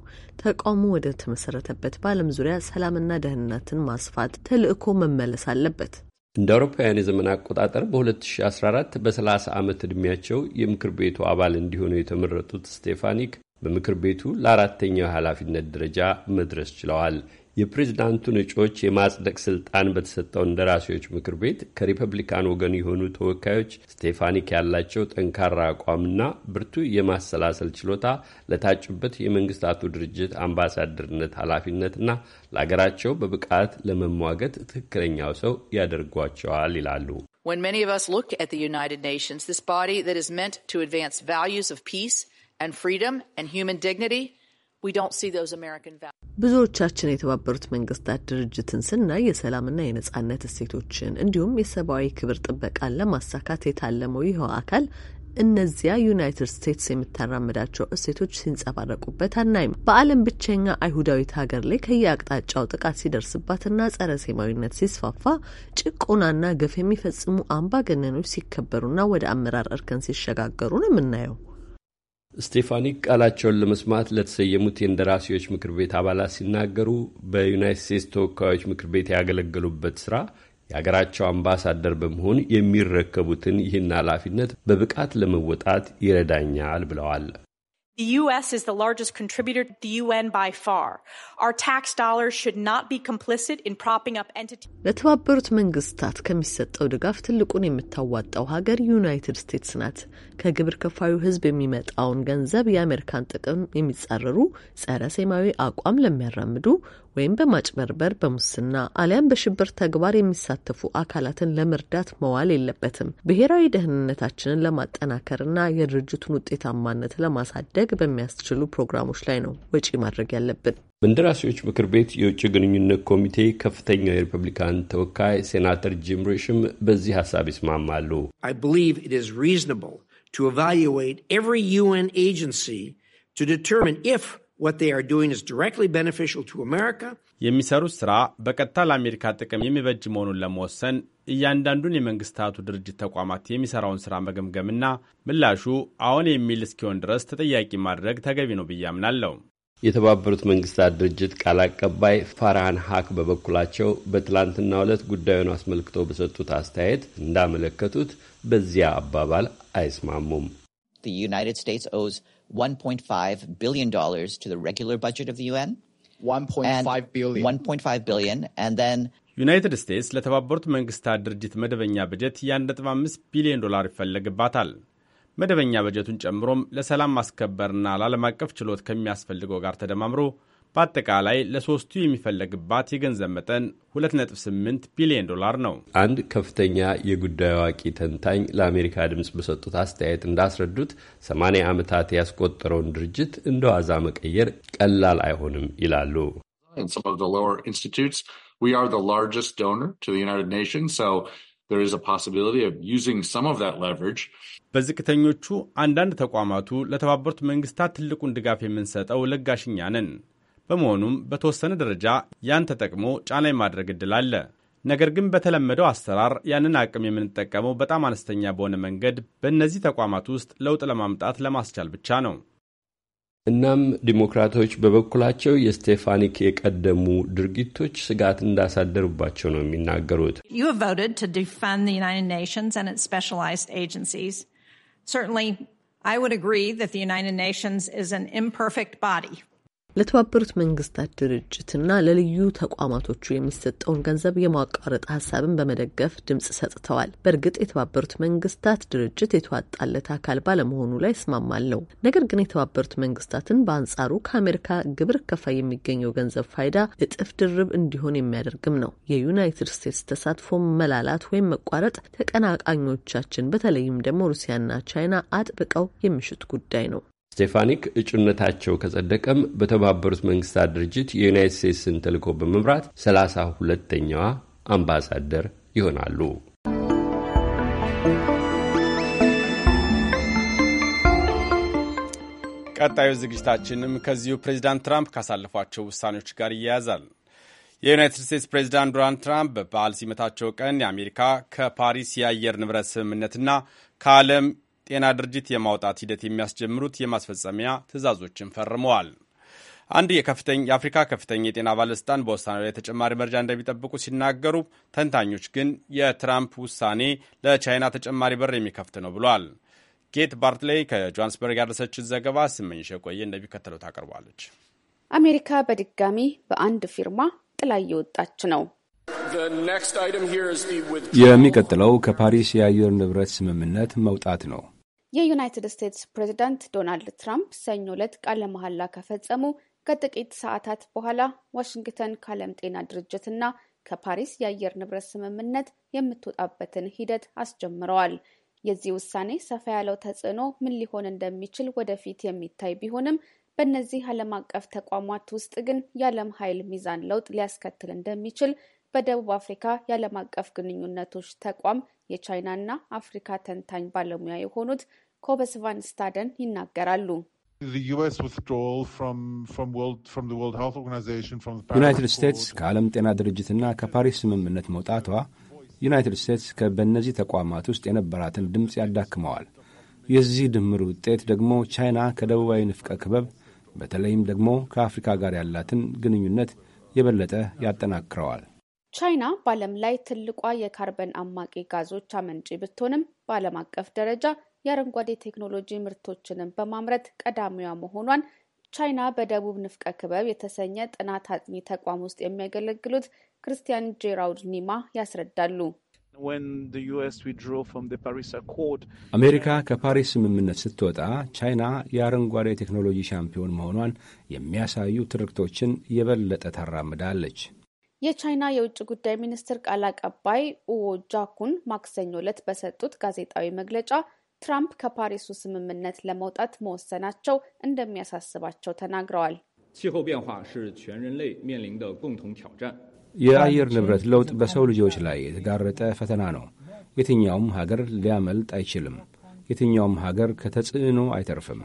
ተቃውሞ ወደ ተመሰረተበት በዓለም ዙሪያ ሰላምና ደህንነትን ማስፋት ተልእኮ መመለስ አለበት። እንደ አውሮፓውያን የዘመን አቆጣጠር በ2014 በ30 ዓመት ዕድሜያቸው የምክር ቤቱ አባል እንዲሆኑ የተመረጡት ስቴፋኒክ በምክር ቤቱ ለአራተኛው የኃላፊነት ደረጃ መድረስ ችለዋል። የፕሬዝዳንቱን እጩዎች የማጽደቅ ስልጣን በተሰጠው እንደራሴዎች ምክር ቤት ከሪፐብሊካን ወገን የሆኑ ተወካዮች ስቴፋኒክ ያላቸው ጠንካራ አቋምና ብርቱ የማሰላሰል ችሎታ ለታጩበት የመንግስታቱ ድርጅት አምባሳደርነት ኃላፊነትና ለሀገራቸው በብቃት ለመሟገት ትክክለኛው ሰው ያደርጓቸዋል ይላሉ። When many of us look at the United Nations, this body that is meant to advance values of peace ብዙዎቻችን የተባበሩት መንግስታት ድርጅትን ስናይ የሰላምና የነጻነት እሴቶችን እንዲሁም የሰብአዊ ክብር ጥበቃን ለማሳካት የታለመው ይኸው አካል እነዚያ ዩናይትድ ስቴትስ የምታራምዳቸው እሴቶች ሲንጸባረቁበት አናይም። በዓለም ብቸኛ አይሁዳዊት ሀገር ላይ ከየአቅጣጫው ጥቃት ሲደርስባትና ጸረ ሴማዊነት ሲስፋፋ ጭቆናና ግፍ የሚፈጽሙ አምባገነኖች ሲከበሩና ወደ አመራር እርከን ሲሸጋገሩ ነው የምናየው። ስቴፋኒ ቃላቸውን ለመስማት ለተሰየሙት የእንደራሴዎች ምክር ቤት አባላት ሲናገሩ በዩናይት ስቴትስ ተወካዮች ምክር ቤት ያገለገሉበት ስራ የሀገራቸው አምባሳደር በመሆን የሚረከቡትን ይህን ኃላፊነት በብቃት ለመወጣት ይረዳኛል ብለዋል። The U.S. is the largest contributor to the UN by far. Our tax dollars should not be complicit in propping up entities. ለተባበሩት መንግስታት ከሚሰጠው ድጋፍ ትልቁን የምታዋጣው ሀገር ዩናይትድ ስቴትስ ናት። ከግብር ከፋዩ ሕዝብ የሚመጣውን ገንዘብ የአሜሪካን ጥቅም የሚጻረሩ ጸረ ሴማዊ አቋም ለሚያራምዱ ወይም በማጭበርበር በሙስና አሊያም በሽብር ተግባር የሚሳተፉ አካላትን ለመርዳት መዋል የለበትም። ብሔራዊ ደህንነታችንን ለማጠናከርና የድርጅቱን ውጤታማነት ለማሳደግ በሚያስችሉ ፕሮግራሞች ላይ ነው ወጪ ማድረግ ያለብን። በእንደራሴዎች ምክር ቤት የውጭ ግንኙነት ኮሚቴ ከፍተኛው የሪፐብሊካን ተወካይ ሴናተር ጂም ሪሽም በዚህ ሀሳብ ይስማማሉ። to evaluate every UN agency to የሚሰሩት ሥራ በቀጥታ ለአሜሪካ ጥቅም የሚበጅ መሆኑን ለመወሰን እያንዳንዱን የመንግስታቱ ድርጅት ተቋማት የሚሠራውን ሥራ መገምገምና ምላሹ አሁን የሚል እስኪሆን ድረስ ተጠያቂ ማድረግ ተገቢ ነው ብዬ አምናለሁ። የተባበሩት መንግስታት ድርጅት ቃል አቀባይ ፋርሃን ሀክ በበኩላቸው በትላንትና ዕለት ጉዳዩን አስመልክቶ በሰጡት አስተያየት እንዳመለከቱት በዚያ አባባል አይስማሙም። $1.5 billion to the regular budget of the UN. 1.5 billion. 1.5 billion. And then ዩናይትድ ስቴትስ ለተባበሩት መንግስታት ድርጅት መደበኛ በጀት የ1.5 ቢሊዮን ዶላር ይፈለግባታል። መደበኛ በጀቱን ጨምሮም ለሰላም ማስከበርና ለዓለም አቀፍ ችሎት ከሚያስፈልገው ጋር ተደማምሮ በአጠቃላይ ለሶስቱ የሚፈለግባት የገንዘብ መጠን 2.8 ቢሊዮን ዶላር ነው። አንድ ከፍተኛ የጉዳዩ አዋቂ ተንታኝ ለአሜሪካ ድምፅ በሰጡት አስተያየት እንዳስረዱት 80 ዓመታት ያስቆጠረውን ድርጅት እንደ ዋዛ መቀየር ቀላል አይሆንም ይላሉ። በዝቅተኞቹ አንዳንድ ተቋማቱ ለተባበሩት መንግስታት ትልቁን ድጋፍ የምንሰጠው ለጋሽኛ ነን። በመሆኑም በተወሰነ ደረጃ ያን ተጠቅሞ ጫና የማድረግ እድል አለ። ነገር ግን በተለመደው አሰራር ያንን አቅም የምንጠቀመው በጣም አነስተኛ በሆነ መንገድ በእነዚህ ተቋማት ውስጥ ለውጥ ለማምጣት ለማስቻል ብቻ ነው። እናም ዲሞክራቶች በበኩላቸው የስቴፋኒክ የቀደሙ ድርጊቶች ስጋት እንዳሳደሩባቸው ነው የሚናገሩት። ዩናይትድ ለተባበሩት መንግስታት ድርጅትና ለልዩ ተቋማቶቹ የሚሰጠውን ገንዘብ የማቋረጥ ሀሳብን በመደገፍ ድምጽ ሰጥተዋል። በእርግጥ የተባበሩት መንግስታት ድርጅት የተዋጣለት አካል ባለመሆኑ ላይ እስማማለሁ። ነገር ግን የተባበሩት መንግስታትን በአንጻሩ ከአሜሪካ ግብር ከፋይ የሚገኘው ገንዘብ ፋይዳ እጥፍ ድርብ እንዲሆን የሚያደርግም ነው። የዩናይትድ ስቴትስ ተሳትፎ መላላት ወይም መቋረጥ ተቀናቃኞቻችን በተለይም ደግሞ ሩሲያና ቻይና አጥብቀው የሚሹት ጉዳይ ነው። ስቴፋኒክ እጩነታቸው ከጸደቀም በተባበሩት መንግስታት ድርጅት የዩናይት ስቴትስን ተልኮ በመምራት ሰላሳ ሁለተኛዋ አምባሳደር ይሆናሉ። ቀጣዩ ዝግጅታችንም ከዚሁ ፕሬዚዳንት ትራምፕ ካሳለፏቸው ውሳኔዎች ጋር ይያያዛል። የዩናይትድ ስቴትስ ፕሬዚዳንት ዶናልድ ትራምፕ በበዓል ሲመታቸው ቀን የአሜሪካ ከፓሪስ የአየር ንብረት ስምምነትና ከዓለም ጤና ድርጅት የማውጣት ሂደት የሚያስጀምሩት የማስፈጸሚያ ትዕዛዞችን ፈርመዋል። አንድ የአፍሪካ ከፍተኛ የጤና ባለስልጣን በውሳኔ ላይ ተጨማሪ መረጃ እንደሚጠብቁ ሲናገሩ፣ ተንታኞች ግን የትራምፕ ውሳኔ ለቻይና ተጨማሪ በር የሚከፍት ነው ብሏል። ጌት ባርትሌይ ከጆሃንስበርግ ያደረሰችን ዘገባ ስመኝሽ የቆየ እንደሚከተለው ታቀርባለች። አሜሪካ በድጋሚ በአንድ ፊርማ ጥላ እየወጣች ነው። የሚቀጥለው ከፓሪስ የአየር ንብረት ስምምነት መውጣት ነው። የዩናይትድ ስቴትስ ፕሬዚዳንት ዶናልድ ትራምፕ ሰኞ ዕለት ቃለ መሐላ ከፈጸሙ ከጥቂት ሰዓታት በኋላ ዋሽንግተን ከዓለም ጤና ድርጅትና ከፓሪስ የአየር ንብረት ስምምነት የምትወጣበትን ሂደት አስጀምረዋል። የዚህ ውሳኔ ሰፋ ያለው ተጽዕኖ ምን ሊሆን እንደሚችል ወደፊት የሚታይ ቢሆንም በእነዚህ ዓለም አቀፍ ተቋማት ውስጥ ግን የዓለም ኃይል ሚዛን ለውጥ ሊያስከትል እንደሚችል በደቡብ አፍሪካ የዓለም አቀፍ ግንኙነቶች ተቋም የቻይናና አፍሪካ ተንታኝ ባለሙያ የሆኑት ኮበስ ቫን ስታደን ይናገራሉ። ዩናይትድ ስቴትስ ከዓለም ጤና ድርጅትና ከፓሪስ ስምምነት መውጣቷ ዩናይትድ ስቴትስ በእነዚህ ተቋማት ውስጥ የነበራትን ድምፅ ያዳክመዋል። የዚህ ድምር ውጤት ደግሞ ቻይና ከደቡባዊ ንፍቀ ክበብ በተለይም ደግሞ ከአፍሪካ ጋር ያላትን ግንኙነት የበለጠ ያጠናክረዋል። ቻይና በዓለም ላይ ትልቋ የካርበን አማቂ ጋዞች አመንጪ ብትሆንም በዓለም አቀፍ ደረጃ የአረንጓዴ ቴክኖሎጂ ምርቶችንም በማምረት ቀዳሚዋ መሆኗን ቻይና በደቡብ ንፍቀ ክበብ የተሰኘ ጥናት አጥኚ ተቋም ውስጥ የሚያገለግሉት ክርስቲያን ጄራውድ ኒማ ያስረዳሉ። አሜሪካ ከፓሪስ ስምምነት ስትወጣ ቻይና የአረንጓዴ ቴክኖሎጂ ሻምፒዮን መሆኗን የሚያሳዩ ትርክቶችን የበለጠ ታራምዳለች። የቻይና የውጭ ጉዳይ ሚኒስትር ቃል አቀባይ ኡዎ ጃኩን ማክሰኞ ዕለት በሰጡት ጋዜጣዊ መግለጫ ትራምፕ ከፓሪሱ ስምምነት ለመውጣት መወሰናቸው እንደሚያሳስባቸው ተናግረዋል። የአየር ንብረት ለውጥ በሰው ልጆች ላይ የተጋረጠ ፈተና ነው። የትኛውም ሀገር ሊያመልጥ አይችልም። የትኛውም ሀገር ከተጽዕኖ አይተርፍም።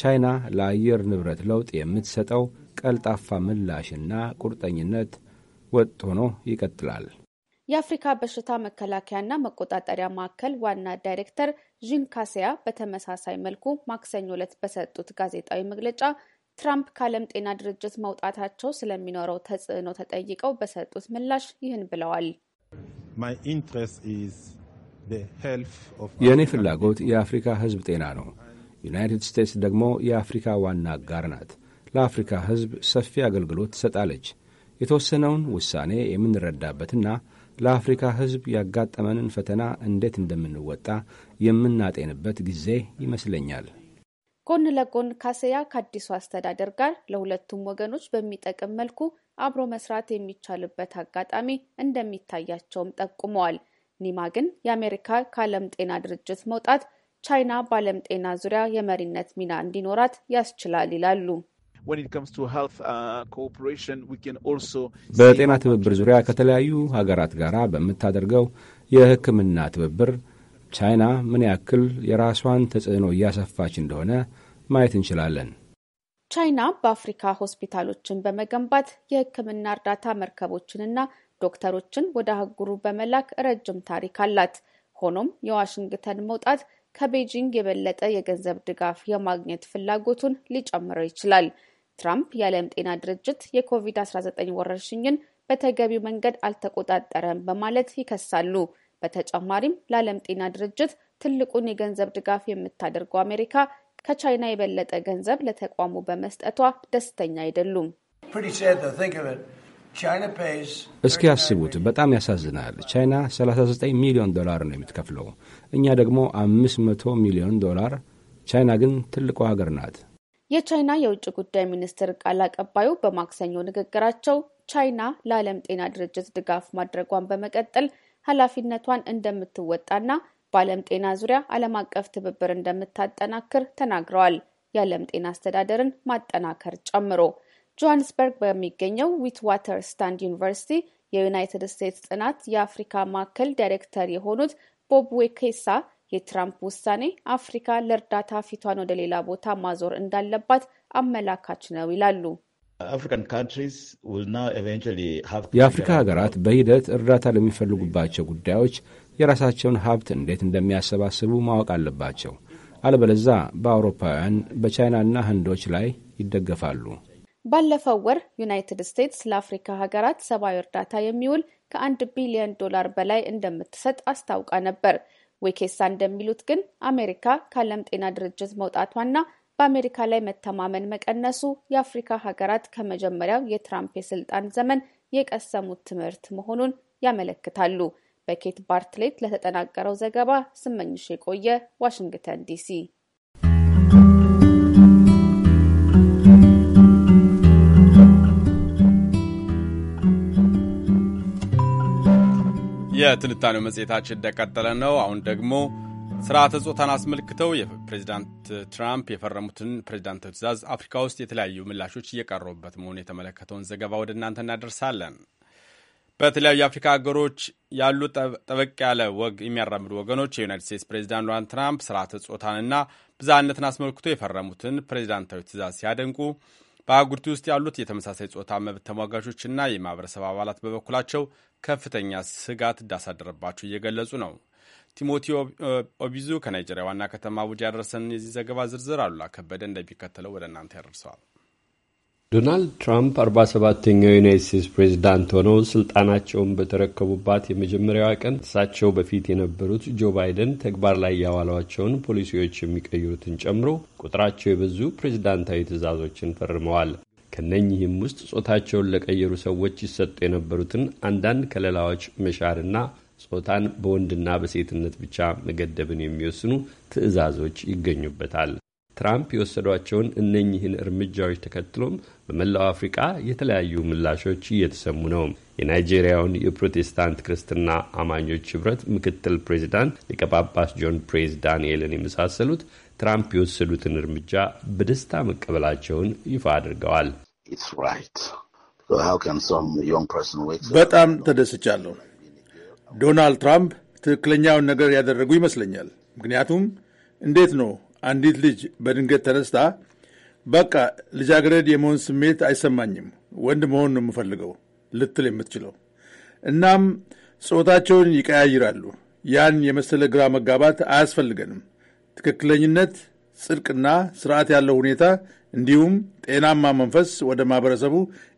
ቻይና ለአየር ንብረት ለውጥ የምትሰጠው ቀልጣፋ ምላሽና ቁርጠኝነት ወጥ ሆኖ ይቀጥላል። የአፍሪካ በሽታ መከላከያና መቆጣጠሪያ ማዕከል ዋና ዳይሬክተር ዢን ካሴያ በተመሳሳይ መልኩ ማክሰኞ ዕለት በሰጡት ጋዜጣዊ መግለጫ ትራምፕ ከዓለም ጤና ድርጅት መውጣታቸው ስለሚኖረው ተጽዕኖ ተጠይቀው በሰጡት ምላሽ ይህን ብለዋል። የእኔ ፍላጎት የአፍሪካ ሕዝብ ጤና ነው። ዩናይትድ ስቴትስ ደግሞ የአፍሪካ ዋና አጋር ናት። ለአፍሪካ ሕዝብ ሰፊ አገልግሎት ትሰጣለች። የተወሰነውን ውሳኔ የምንረዳበትና ለአፍሪካ ሕዝብ ያጋጠመንን ፈተና እንዴት እንደምንወጣ የምናጤንበት ጊዜ ይመስለኛል። ጎን ለጎን ካሰያ ከአዲሱ አስተዳደር ጋር ለሁለቱም ወገኖች በሚጠቅም መልኩ አብሮ መስራት የሚቻልበት አጋጣሚ እንደሚታያቸውም ጠቁመዋል። ኒማ ግን የአሜሪካ ከዓለም ጤና ድርጅት መውጣት ቻይና በዓለም ጤና ዙሪያ የመሪነት ሚና እንዲኖራት ያስችላል ይላሉ። Uh, በጤና ትብብር ዙሪያ ከተለያዩ ሀገራት ጋር በምታደርገው የሕክምና ትብብር ቻይና ምን ያክል የራሷን ተጽዕኖ እያሰፋች እንደሆነ ማየት እንችላለን። ቻይና በአፍሪካ ሆስፒታሎችን በመገንባት የሕክምና እርዳታ መርከቦችንና ዶክተሮችን ወደ አህጉሩ በመላክ ረጅም ታሪክ አላት። ሆኖም የዋሽንግተን መውጣት ከቤጂንግ የበለጠ የገንዘብ ድጋፍ የማግኘት ፍላጎቱን ሊጨምረው ይችላል። ትራምፕ የዓለም ጤና ድርጅት የኮቪድ-19 ወረርሽኝን በተገቢው መንገድ አልተቆጣጠረም በማለት ይከሳሉ። በተጨማሪም ለዓለም ጤና ድርጅት ትልቁን የገንዘብ ድጋፍ የምታደርገው አሜሪካ ከቻይና የበለጠ ገንዘብ ለተቋሙ በመስጠቷ ደስተኛ አይደሉም። እስኪ አስቡት፣ በጣም ያሳዝናል። ቻይና 39 ሚሊዮን ዶላር ነው የምትከፍለው፣ እኛ ደግሞ 500 ሚሊዮን ዶላር። ቻይና ግን ትልቋ ሀገር ናት። የቻይና የውጭ ጉዳይ ሚኒስትር ቃል አቀባዩ በማክሰኞ ንግግራቸው ቻይና ለዓለም ጤና ድርጅት ድጋፍ ማድረጓን በመቀጠል ኃላፊነቷን እንደምትወጣና በዓለም ጤና ዙሪያ ዓለም አቀፍ ትብብር እንደምታጠናክር ተናግረዋል። የዓለም ጤና አስተዳደርን ማጠናከር ጨምሮ ጆሃንስበርግ በሚገኘው ዊት ዋተር ስታንድ ዩኒቨርሲቲ የዩናይትድ ስቴትስ ጥናት የአፍሪካ ማዕከል ዳይሬክተር የሆኑት ቦብ ዌኬሳ የትራምፕ ውሳኔ አፍሪካ ለእርዳታ ፊቷን ወደ ሌላ ቦታ ማዞር እንዳለባት አመላካች ነው ይላሉ። የአፍሪካ ሀገራት በሂደት እርዳታ ለሚፈልጉባቸው ጉዳዮች የራሳቸውን ሀብት እንዴት እንደሚያሰባስቡ ማወቅ አለባቸው። አለበለዛ በአውሮፓውያን በቻይናና ህንዶች ላይ ይደገፋሉ። ባለፈው ወር ዩናይትድ ስቴትስ ለአፍሪካ ሀገራት ሰብአዊ እርዳታ የሚውል ከአንድ ቢሊዮን ዶላር በላይ እንደምትሰጥ አስታውቃ ነበር። ዌኬሳ እንደሚሉት ግን አሜሪካ ከዓለም ጤና ድርጅት መውጣቷና በአሜሪካ ላይ መተማመን መቀነሱ የአፍሪካ ሀገራት ከመጀመሪያው የትራምፕ የስልጣን ዘመን የቀሰሙት ትምህርት መሆኑን ያመለክታሉ። በኬት ባርትሌት ለተጠናቀረው ዘገባ ስመኝሽ የቆየ ዋሽንግተን ዲሲ። የትንታኔው መጽሔታችን እንደቀጠለ ነው። አሁን ደግሞ ስርዓተ ጾታን አስመልክተው የፕሬዚዳንት ትራምፕ የፈረሙትን ፕሬዚዳንት ትእዛዝ አፍሪካ ውስጥ የተለያዩ ምላሾች እየቀረቡበት መሆኑ የተመለከተውን ዘገባ ወደ እናንተ እናደርሳለን። በተለያዩ የአፍሪካ ሀገሮች ያሉ ጠበቅ ያለ ወግ የሚያራምዱ ወገኖች የዩናይት ስቴትስ ፕሬዚዳንት ዶናልድ ትራምፕ ስርዓተ ጾታንና ብዝሃነትን አስመልክቶ የፈረሙትን ፕሬዚዳንታዊ ትእዛዝ ሲያደንቁ በአህጉሪቱ ውስጥ ያሉት የተመሳሳይ ጾታ መብት ተሟጋቾችና የማህበረሰብ አባላት በበኩላቸው ከፍተኛ ስጋት እንዳሳደረባቸው እየገለጹ ነው። ቲሞቲ ኦቢዙ ከናይጄሪያ ዋና ከተማ አቡጃ ያደረሰን የዚህ ዘገባ ዝርዝር አሉላ ከበደ እንደሚከተለው ወደ እናንተ ያደርሰዋል። ዶናልድ ትራምፕ 47ኛው የዩናይት ስቴትስ ፕሬዚዳንት ሆነው ስልጣናቸውን በተረከቡባት የመጀመሪያዋ ቀን እሳቸው በፊት የነበሩት ጆ ባይደን ተግባር ላይ ያዋሏቸውን ፖሊሲዎች የሚቀይሩትን ጨምሮ ቁጥራቸው የበዙ ፕሬዚዳንታዊ ትዕዛዞችን ፈርመዋል። ከነኚህም ውስጥ ጾታቸውን ለቀየሩ ሰዎች ይሰጡ የነበሩትን አንዳንድ ከለላዎች መሻርና ጾታን በወንድና በሴትነት ብቻ መገደብን የሚወስኑ ትዕዛዞች ይገኙበታል። ትራምፕ የወሰዷቸውን እነኚህን እርምጃዎች ተከትሎም በመላው አፍሪቃ የተለያዩ ምላሾች እየተሰሙ ነው። የናይጄሪያውን የፕሮቴስታንት ክርስትና አማኞች ህብረት ምክትል ፕሬዚዳንት ሊቀ ጳጳስ ጆን ፕሬዝ ዳንኤልን የመሳሰሉት ትራምፕ የወሰዱትን እርምጃ በደስታ መቀበላቸውን ይፋ አድርገዋል። በጣም ተደስቻለሁ። ዶናልድ ትራምፕ ትክክለኛውን ነገር ያደረጉ ይመስለኛል። ምክንያቱም እንዴት ነው አንዲት ልጅ በድንገት ተነስታ በቃ ልጃገረድ የመሆን ስሜት አይሰማኝም፣ ወንድ መሆን ነው የምፈልገው ልትል የምትችለው። እናም ጾታቸውን ይቀያይራሉ። ያን የመሰለ ግራ መጋባት አያስፈልገንም። ትክክለኝነት፣ ጽድቅና ስርዓት ያለው ሁኔታ እንዲሁም ጤናማ መንፈስ ወደ ማህበረሰቡ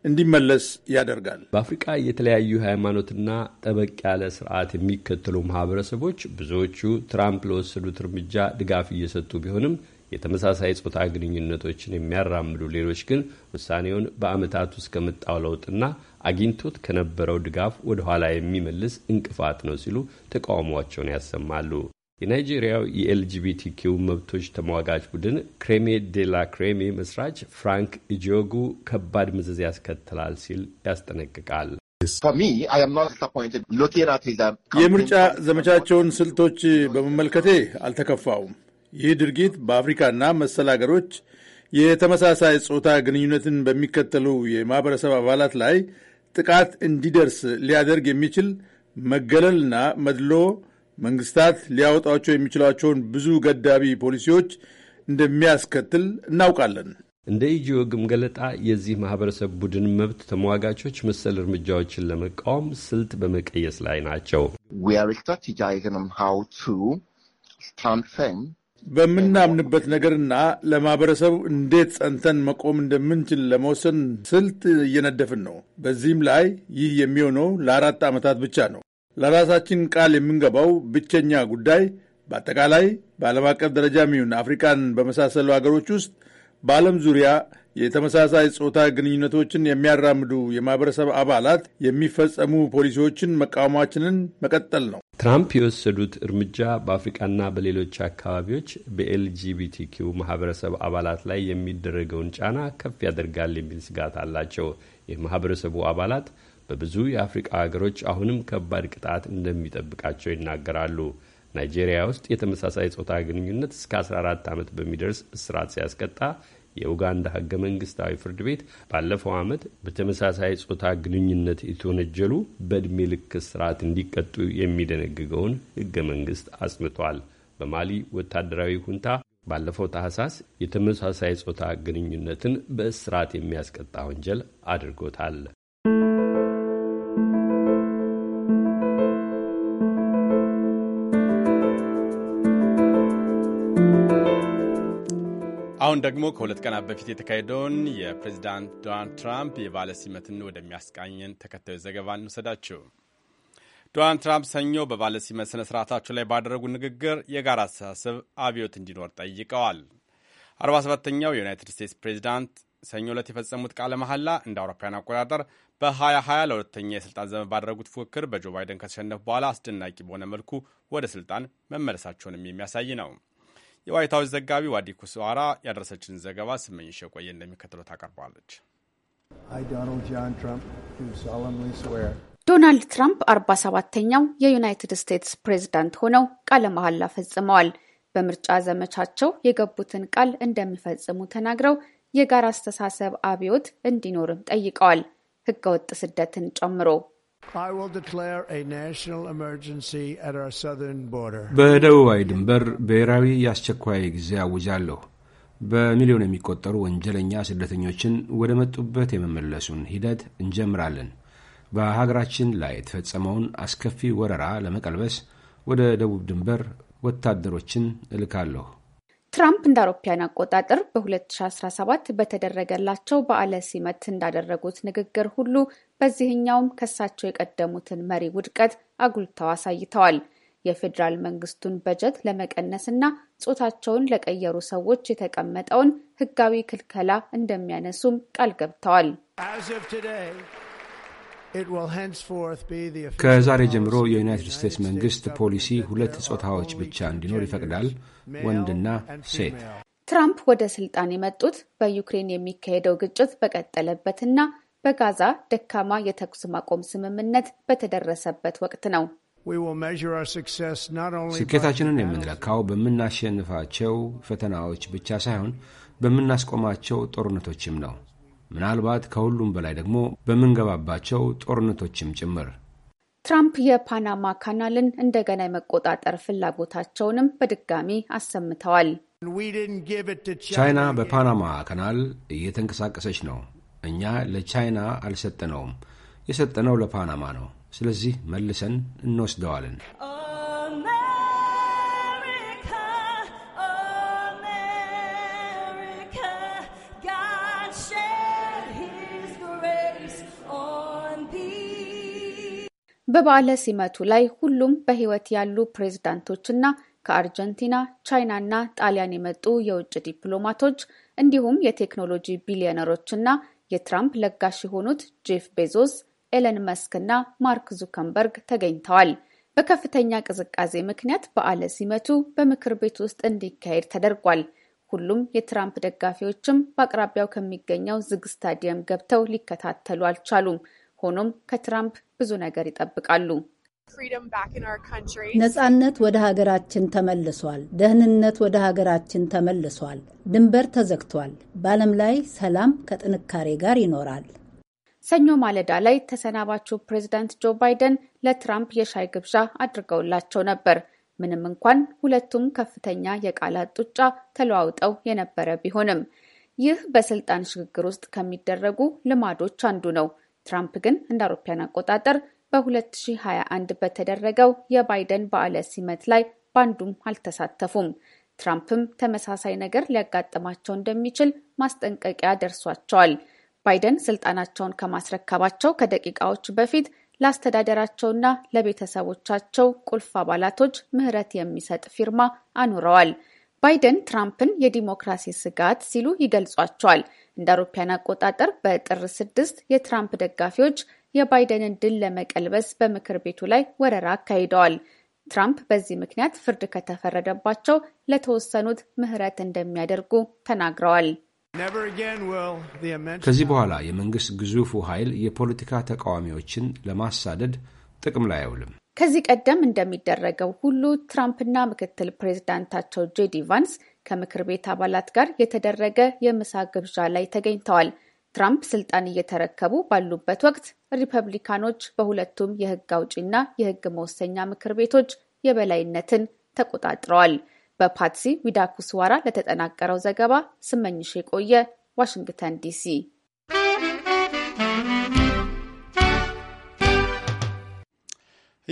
እንዲመለስ ያደርጋል። በአፍሪቃ የተለያዩ ሃይማኖትና ጠበቅ ያለ ስርዓት የሚከተሉ ማህበረሰቦች ብዙዎቹ ትራምፕ ለወሰዱት እርምጃ ድጋፍ እየሰጡ ቢሆንም የተመሳሳይ ጾታ ግንኙነቶችን የሚያራምዱ ሌሎች ግን ውሳኔውን በዓመታት ውስጥ ከመጣው ለውጥና አግኝቶት ከነበረው ድጋፍ ወደ ኋላ የሚመልስ እንቅፋት ነው ሲሉ ተቃውሟቸውን ያሰማሉ። የናይጄሪያው የኤልጂቢቲኪው መብቶች ተሟጋች ቡድን ክሬሜ ዴላ ክሬሜ መስራች ፍራንክ ኢጆጉ ከባድ መዘዝ ያስከትላል ሲል ያስጠነቅቃል። የምርጫ ዘመቻቸውን ስልቶች በመመልከቴ አልተከፋውም። ይህ ድርጊት በአፍሪካና መሰል አገሮች የተመሳሳይ ጾታ ግንኙነትን በሚከተሉ የማህበረሰብ አባላት ላይ ጥቃት እንዲደርስ ሊያደርግ የሚችል መገለልና መድሎ መንግስታት ሊያወጣቸው የሚችሏቸውን ብዙ ገዳቢ ፖሊሲዎች እንደሚያስከትል እናውቃለን። እንደ ኢጂኦ ግምገለጣ የዚህ ማህበረሰብ ቡድን መብት ተሟጋቾች መሰል እርምጃዎችን ለመቃወም ስልት በመቀየስ ላይ ናቸው። በምናምንበት ነገርና ለማህበረሰቡ እንዴት ጸንተን መቆም እንደምንችል ለመወሰን ስልት እየነደፍን ነው። በዚህም ላይ ይህ የሚሆነው ለአራት ዓመታት ብቻ ነው። ለራሳችን ቃል የምንገባው ብቸኛ ጉዳይ በአጠቃላይ በዓለም አቀፍ ደረጃ የሚሆን አፍሪካን በመሳሰሉ ሀገሮች ውስጥ በዓለም ዙሪያ የተመሳሳይ ጾታ ግንኙነቶችን የሚያራምዱ የማህበረሰብ አባላት የሚፈጸሙ ፖሊሲዎችን መቃወማችንን መቀጠል ነው። ትራምፕ የወሰዱት እርምጃ በአፍሪቃና በሌሎች አካባቢዎች በኤልጂቢቲኪው ማህበረሰብ አባላት ላይ የሚደረገውን ጫና ከፍ ያደርጋል የሚል ስጋት አላቸው። የማህበረሰቡ አባላት በብዙ የአፍሪቃ ሀገሮች አሁንም ከባድ ቅጣት እንደሚጠብቃቸው ይናገራሉ። ናይጄሪያ ውስጥ የተመሳሳይ ጾታ ግንኙነት እስከ 14 ዓመት በሚደርስ እስራት ሲያስቀጣ የኡጋንዳ ህገ መንግስታዊ ፍርድ ቤት ባለፈው ዓመት በተመሳሳይ ጾታ ግንኙነት የተወነጀሉ በዕድሜ ልክ ስርዓት እንዲቀጡ የሚደነግገውን ህገ መንግስት አጽንቷል። በማሊ ወታደራዊ ሁንታ ባለፈው ታህሳስ የተመሳሳይ ጾታ ግንኙነትን በእስራት የሚያስቀጣ ወንጀል አድርጎታል። አሁን ደግሞ ከሁለት ቀናት በፊት የተካሄደውን የፕሬዚዳንት ዶናልድ ትራምፕ የባለ ሲመትን ወደሚያስቃኝን ተከታዩ ዘገባ እንውሰዳችው። ዶናልድ ትራምፕ ሰኞ በባለ ሲመት ስነ ስርዓታቸው ላይ ባደረጉ ንግግር የጋራ አስተሳሰብ አብዮት እንዲኖር ጠይቀዋል። 47ተኛው የዩናይትድ ስቴትስ ፕሬዚዳንት ሰኞ ዕለት የፈጸሙት ቃለ መሐላ እንደ አውሮፓውያን አቆጣጠር በ2020 ለሁለተኛ የስልጣን ዘመን ባደረጉት ፉክክር በጆ ባይደን ከተሸነፉ በኋላ አስደናቂ በሆነ መልኩ ወደ ስልጣን መመለሳቸውንም የሚያሳይ ነው። የዋይት ሀውስ ዘጋቢ ዋዲ ኩስዋራ ያደረሰችን ዘገባ ስመኝሽ የቆየ እንደሚከተለው ታቀርባለች። ዶናልድ ትራምፕ አርባ ሰባተኛው የዩናይትድ ስቴትስ ፕሬዝዳንት ሆነው ቃለ መሐላ ፈጽመዋል። በምርጫ ዘመቻቸው የገቡትን ቃል እንደሚፈጽሙ ተናግረው የጋራ አስተሳሰብ አብዮት እንዲኖርም ጠይቀዋል። ህገወጥ ስደትን ጨምሮ በደቡባዊ ድንበር ብሔራዊ የአስቸኳይ ጊዜ አውጃለሁ። በሚሊዮን የሚቆጠሩ ወንጀለኛ ስደተኞችን ወደ መጡበት የመመለሱን ሂደት እንጀምራለን። በሀገራችን ላይ የተፈጸመውን አስከፊ ወረራ ለመቀልበስ ወደ ደቡብ ድንበር ወታደሮችን እልካለሁ። ትራምፕ እንደ አውሮፓውያን አቆጣጠር በ2017 በተደረገላቸው በዓለ ሲመት እንዳደረጉት ንግግር ሁሉ በዚህኛውም ከሳቸው የቀደሙትን መሪ ውድቀት አጉልተው አሳይተዋል። የፌዴራል መንግስቱን በጀት ለመቀነስና ጾታቸውን ለቀየሩ ሰዎች የተቀመጠውን ሕጋዊ ክልከላ እንደሚያነሱም ቃል ገብተዋል። ከዛሬ ጀምሮ የዩናይትድ ስቴትስ መንግስት ፖሊሲ ሁለት ጾታዎች ብቻ እንዲኖር ይፈቅዳል፣ ወንድና ሴት። ትራምፕ ወደ ስልጣን የመጡት በዩክሬን የሚካሄደው ግጭት በቀጠለበትና በጋዛ ደካማ የተኩስ ማቆም ስምምነት በተደረሰበት ወቅት ነው። ስኬታችንን የምንለካው በምናሸንፋቸው ፈተናዎች ብቻ ሳይሆን በምናስቆማቸው ጦርነቶችም ነው። ምናልባት ከሁሉም በላይ ደግሞ በምንገባባቸው ጦርነቶችም ጭምር። ትራምፕ የፓናማ ካናልን እንደገና የመቆጣጠር ፍላጎታቸውንም በድጋሚ አሰምተዋል። ቻይና በፓናማ ካናል እየተንቀሳቀሰች ነው። እኛ ለቻይና አልሰጠነውም፣ የሰጠነው ለፓናማ ነው። ስለዚህ መልሰን እንወስደዋለን። በበዓለ ሲመቱ ላይ ሁሉም በህይወት ያሉ ፕሬዝዳንቶችና ከአርጀንቲና፣ ቻይናና ጣሊያን የመጡ የውጭ ዲፕሎማቶች እንዲሁም የቴክኖሎጂ ቢሊዮነሮችና የትራምፕ ለጋሽ የሆኑት ጄፍ ቤዞስ፣ ኤለን መስክ እና ማርክ ዙከንበርግ ተገኝተዋል። በከፍተኛ ቅዝቃዜ ምክንያት በዓለ ሲመቱ በምክር ቤት ውስጥ እንዲካሄድ ተደርጓል። ሁሉም የትራምፕ ደጋፊዎችም በአቅራቢያው ከሚገኘው ዝግ ስታዲየም ገብተው ሊከታተሉ አልቻሉም። ሆኖም ከትራምፕ ብዙ ነገር ይጠብቃሉ። ነጻነት ወደ ሀገራችን ተመልሷል። ደህንነት ወደ ሀገራችን ተመልሷል። ድንበር ተዘግቷል። በዓለም ላይ ሰላም ከጥንካሬ ጋር ይኖራል። ሰኞ ማለዳ ላይ ተሰናባቹ ፕሬዚዳንት ጆ ባይደን ለትራምፕ የሻይ ግብዣ አድርገውላቸው ነበር። ምንም እንኳን ሁለቱም ከፍተኛ የቃላት ጡጫ ተለዋውጠው የነበረ ቢሆንም ይህ በስልጣን ሽግግር ውስጥ ከሚደረጉ ልማዶች አንዱ ነው። ትራምፕ ግን እንደ አውሮፓያን አቆጣጠር በ2021 በተደረገው የባይደን በዓለ ሲመት ላይ በአንዱም አልተሳተፉም። ትራምፕም ተመሳሳይ ነገር ሊያጋጥማቸው እንደሚችል ማስጠንቀቂያ ደርሷቸዋል። ባይደን ስልጣናቸውን ከማስረከባቸው ከደቂቃዎች በፊት ለአስተዳደራቸውና ለቤተሰቦቻቸው ቁልፍ አባላቶች ምህረት የሚሰጥ ፊርማ አኑረዋል። ባይደን ትራምፕን የዲሞክራሲ ስጋት ሲሉ ይገልጿቸዋል። እንደ አውሮፓውያን አቆጣጠር በጥር ስድስት የትራምፕ ደጋፊዎች የባይደንን ድል ለመቀልበስ በምክር ቤቱ ላይ ወረራ አካሂደዋል። ትራምፕ በዚህ ምክንያት ፍርድ ከተፈረደባቸው ለተወሰኑት ምህረት እንደሚያደርጉ ተናግረዋል። ከዚህ በኋላ የመንግስት ግዙፉ ኃይል የፖለቲካ ተቃዋሚዎችን ለማሳደድ ጥቅም ላይ አይውልም። ከዚህ ቀደም እንደሚደረገው ሁሉ ትራምፕና ምክትል ፕሬዚዳንታቸው ጄዲ ቫንስ ከምክር ቤት አባላት ጋር የተደረገ የምሳ ግብዣ ላይ ተገኝተዋል። ትራምፕ ስልጣን እየተረከቡ ባሉበት ወቅት ሪፐብሊካኖች በሁለቱም የህግ አውጪና የህግ መወሰኛ ምክር ቤቶች የበላይነትን ተቆጣጥረዋል። በፓትሲ ዊዳኩስዋራ ለተጠናቀረው ዘገባ ስመኝሽ የቆየ ዋሽንግተን ዲሲ።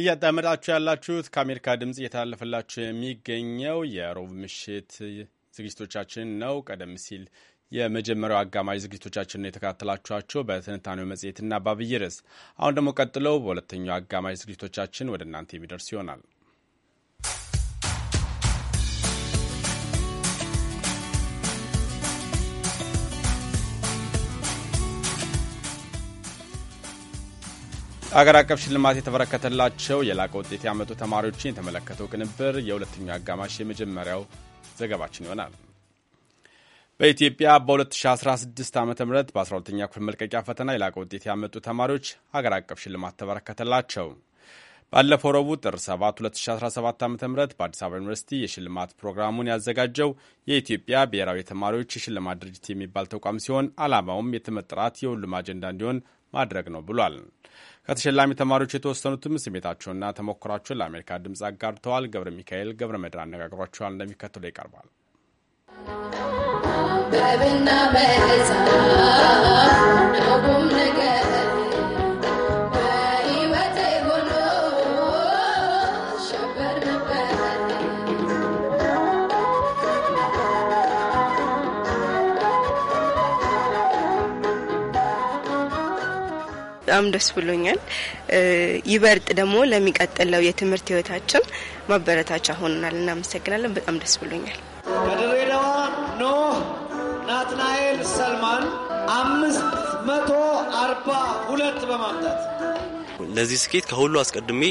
እያዳመጣችሁ ያላችሁት ከአሜሪካ ድምፅ እየተላለፈላችሁ የሚገኘው የሮብ ምሽት ዝግጅቶቻችን ነው። ቀደም ሲል የመጀመሪያው አጋማሽ ነው የተካተላችኋቸው በትንታኔው መጽሔትና በአብይ ርዕስ። አሁን ደግሞ ቀጥለው በሁለተኛው አጋማሽ ዝግጅቶቻችን ወደ እናንተ የሚደርስ ይሆናል። አገር አቀፍ ሽልማት የተበረከተላቸው የላቀ ውጤት ያመጡ ተማሪዎችን የተመለከተው ቅንብር የሁለተኛው አጋማሽ የመጀመሪያው ዘገባችን ይሆናል። በኢትዮጵያ በ2016 ዓ ም በ12ኛ ክፍል መልቀቂያ ፈተና የላቀ ውጤት ያመጡ ተማሪዎች ሀገር አቀፍ ሽልማት ተበረከተላቸው። ባለፈው ረቡዕ ጥር 7 2017 ዓ ም በአዲስ አበባ ዩኒቨርሲቲ የሽልማት ፕሮግራሙን ያዘጋጀው የኢትዮጵያ ብሔራዊ ተማሪዎች የሽልማት ድርጅት የሚባል ተቋም ሲሆን ዓላማውም የትምህርት ጥራት የሁሉም አጀንዳ እንዲሆን ማድረግ ነው ብሏል። ከተሸላሚ ተማሪዎች የተወሰኑትም ስሜታቸውና ተሞክሯቸውን ለአሜሪካ ድምፅ አጋርተዋል። ገብረ ሚካኤል ገብረ መድር አነጋግሯቸዋል። እንደሚከተለው ይቀርባል። በጣም ደስ ብሎኛል። ይበልጥ ደግሞ ለሚቀጥለው የትምህርት ህይወታችን ማበረታቻ ሆኖናል። እናመሰግናለን። በጣም ደስ ብሎኛል። ከድሬዳዋ ኖህ ናትናኤል ሰልማን አምስት መቶ አርባ ሁለት በማምጣት ለዚህ ስኬት ከሁሉ አስቀድሜ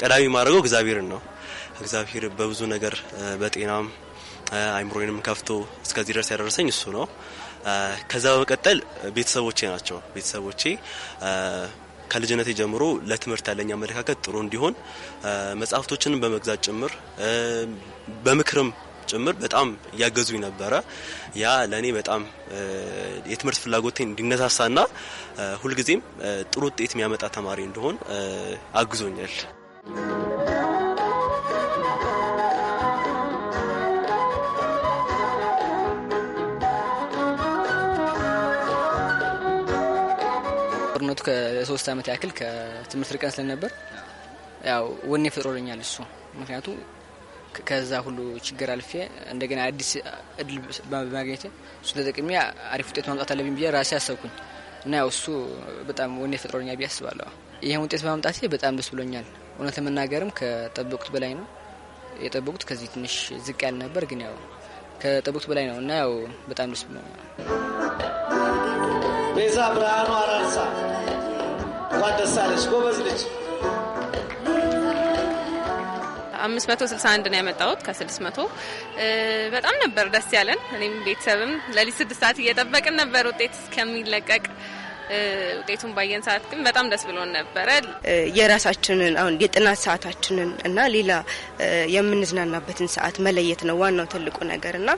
ቀዳሚ ማድረገው እግዚአብሔርን ነው። እግዚአብሔር በብዙ ነገር በጤናም አይምሮንም ከፍቶ እስከዚህ ድረስ ያደረሰኝ እሱ ነው። ከዛ በመቀጠል ቤተሰቦቼ ናቸው። ቤተሰቦቼ ከልጅነቴ ጀምሮ ለትምህርት ያለኝ አመለካከት ጥሩ እንዲሆን መጽሐፍቶችንም በመግዛት ጭምር በምክርም ጭምር በጣም እያገዙኝ ነበረ። ያ ለእኔ በጣም የትምህርት ፍላጎቴን እንዲነሳሳና ሁልጊዜም ጥሩ ውጤት የሚያመጣ ተማሪ እንደሆን አግዞኛል። ጦርነቱ ከሶስት ዓመት ያክል ከትምህርት ርቀን ስለነበር ያው ወኔ ፈጥሮልኛል እሱ ምክንያቱም ከዛ ሁሉ ችግር አልፌ እንደገና አዲስ እድል በማግኘቴ እሱ ተጠቅሜ አሪፍ ውጤት ማምጣት አለብኝ ብዬ ራሴ አሰብኩኝ እና ያው እሱ በጣም ወኔ ፈጥሮኛ ብዬ አስባለሁ። ይህን ውጤት በማምጣቴ በጣም ደስ ብሎኛል። እውነት ለመናገርም ከጠበቁት በላይ ነው። የጠበቁት ከዚህ ትንሽ ዝቅ ያል ነበር፣ ግን ያው ከጠበቁት በላይ ነው እና ያው በጣም ደስ ብሎኛል። ቤዛ ብርሃኑ አራርሳ እንኳን ደስ ጎበዝ ልጅ አምስት መቶ ስልሳ አንድ ነው ያመጣሁት ከስድስት መቶ በጣም ነበር ደስ ያለን። እኔም ቤተሰብም ለሊት ስድስት ሰዓት እየጠበቅን ነበር ውጤት እስከሚለቀቅ ውጤቱን ባየን ሰዓት ግን በጣም ደስ ብሎን ነበረ። የራሳችንን አሁን የጥናት ሰዓታችንን እና ሌላ የምንዝናናበትን ሰዓት መለየት ነው ዋናው ትልቁ ነገር እና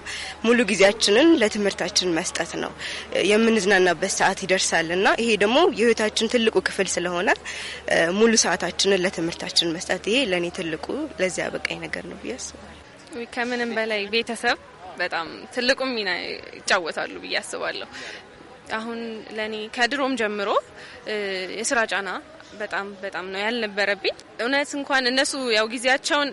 ሙሉ ጊዜያችንን ለትምህርታችን መስጠት ነው። የምንዝናናበት ሰዓት ይደርሳል እና ይሄ ደግሞ የህይወታችን ትልቁ ክፍል ስለሆነ ሙሉ ሰዓታችንን ለትምህርታችን መስጠት ይሄ ለእኔ ትልቁ ለዚያ በቃኝ ነገር ነው ብዬ አስባለሁ። ከምንም በላይ ቤተሰብ በጣም ትልቁ ሚና ይጫወታሉ ብዬ አስባለሁ። አሁን ለእኔ ከድሮም ጀምሮ የስራ ጫና በጣም በጣም ነው ያልነበረብኝ። እውነት እንኳን እነሱ ያው ጊዜያቸውን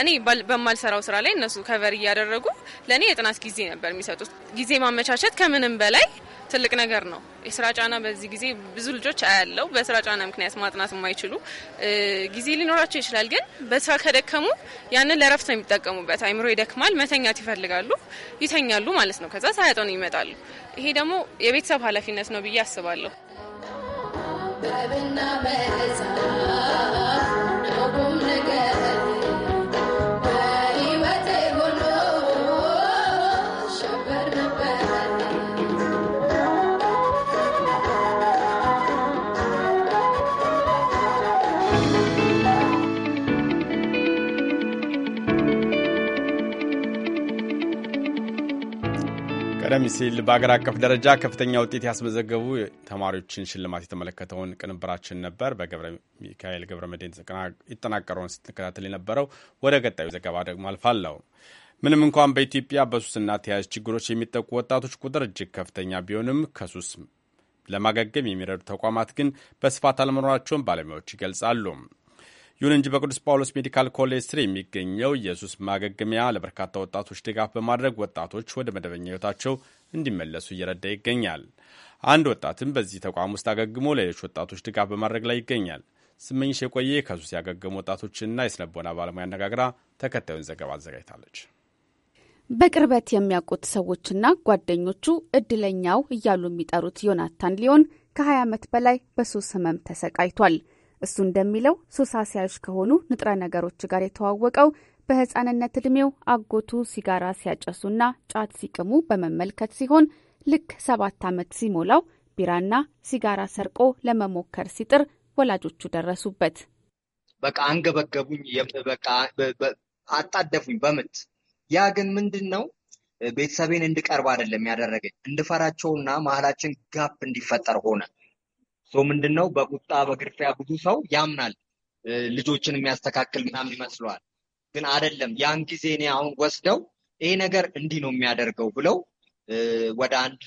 እኔ በማልሰራው ስራ ላይ እነሱ ከቨር እያደረጉ ለእኔ የጥናት ጊዜ ነበር የሚሰጡት። ጊዜ ማመቻቸት ከምንም በላይ ትልቅ ነገር ነው። የስራ ጫና በዚህ ጊዜ ብዙ ልጆች አያለው። በስራ ጫና ምክንያት ማጥናት የማይችሉ ጊዜ ሊኖራቸው ይችላል፣ ግን በስራ ከደከሙ ያንን ለረፍት ነው የሚጠቀሙበት። አይምሮ ይደክማል፣ መተኛት ይፈልጋሉ፣ ይተኛሉ ማለት ነው። ከዛ ሳያጠኑ ይመጣሉ። ይሄ ደግሞ የቤተሰብ ኃላፊነት ነው ብዬ አስባለሁ። ነገር ቀደም ሲል በአገር አቀፍ ደረጃ ከፍተኛ ውጤት ያስመዘገቡ ተማሪዎችን ሽልማት የተመለከተውን ቅንብራችን ነበር። በገብረ ሚካኤል ገብረ መድህን የተጠናቀረውን ስትከታተል የነበረው። ወደ ቀጣዩ ዘገባ ደግሞ አልፋለሁ። ምንም እንኳን በኢትዮጵያ በሱስና ተያያዥ ችግሮች የሚጠቁ ወጣቶች ቁጥር እጅግ ከፍተኛ ቢሆንም ከሱስ ለማገገም የሚረዱ ተቋማት ግን በስፋት አለመኖራቸውን ባለሙያዎች ይገልጻሉ። ይሁን እንጂ በቅዱስ ጳውሎስ ሜዲካል ኮሌጅ ስር የሚገኘው ኢየሱስ ማገገሚያ ለበርካታ ወጣቶች ድጋፍ በማድረግ ወጣቶች ወደ መደበኛ ሕይወታቸው እንዲመለሱ እየረዳ ይገኛል። አንድ ወጣትም በዚህ ተቋም ውስጥ አገግሞ ለሌሎች ወጣቶች ድጋፍ በማድረግ ላይ ይገኛል። ስመኝሽ የቆየ ከሱስ ያገገሙ ወጣቶችንና የስነቦና ባለሙያ አነጋግራ ተከታዩን ዘገባ አዘጋጅታለች። በቅርበት የሚያውቁት ሰዎችና ጓደኞቹ እድለኛው እያሉ የሚጠሩት ዮናታን ሊሆን ከ20 ዓመት በላይ በሱስ ህመም ተሰቃይቷል። እሱ እንደሚለው ሱስ አስያዥ ከሆኑ ንጥረ ነገሮች ጋር የተዋወቀው በህፃንነት ዕድሜው አጎቱ ሲጋራ ሲያጨሱና ጫት ሲቅሙ በመመልከት ሲሆን ልክ ሰባት ዓመት ሲሞላው ቢራና ሲጋራ ሰርቆ ለመሞከር ሲጥር ወላጆቹ ደረሱበት። በቃ አንገበገቡኝ፣ በቃ አጣደፉኝ በምት ያ ግን ምንድን ነው ቤተሰቤን እንድቀርብ አይደለም ያደረገኝ፣ እንድፈራቸውና መሀላችን ጋፕ እንዲፈጠር ሆነ። ሰው ምንድን ነው በቁጣ በግርፊያ ብዙ ሰው ያምናል፣ ልጆችን የሚያስተካክል ምናምን ይመስለዋል። ግን አይደለም። ያን ጊዜ እኔ አሁን ወስደው ይሄ ነገር እንዲህ ነው የሚያደርገው ብለው ወደ አንድ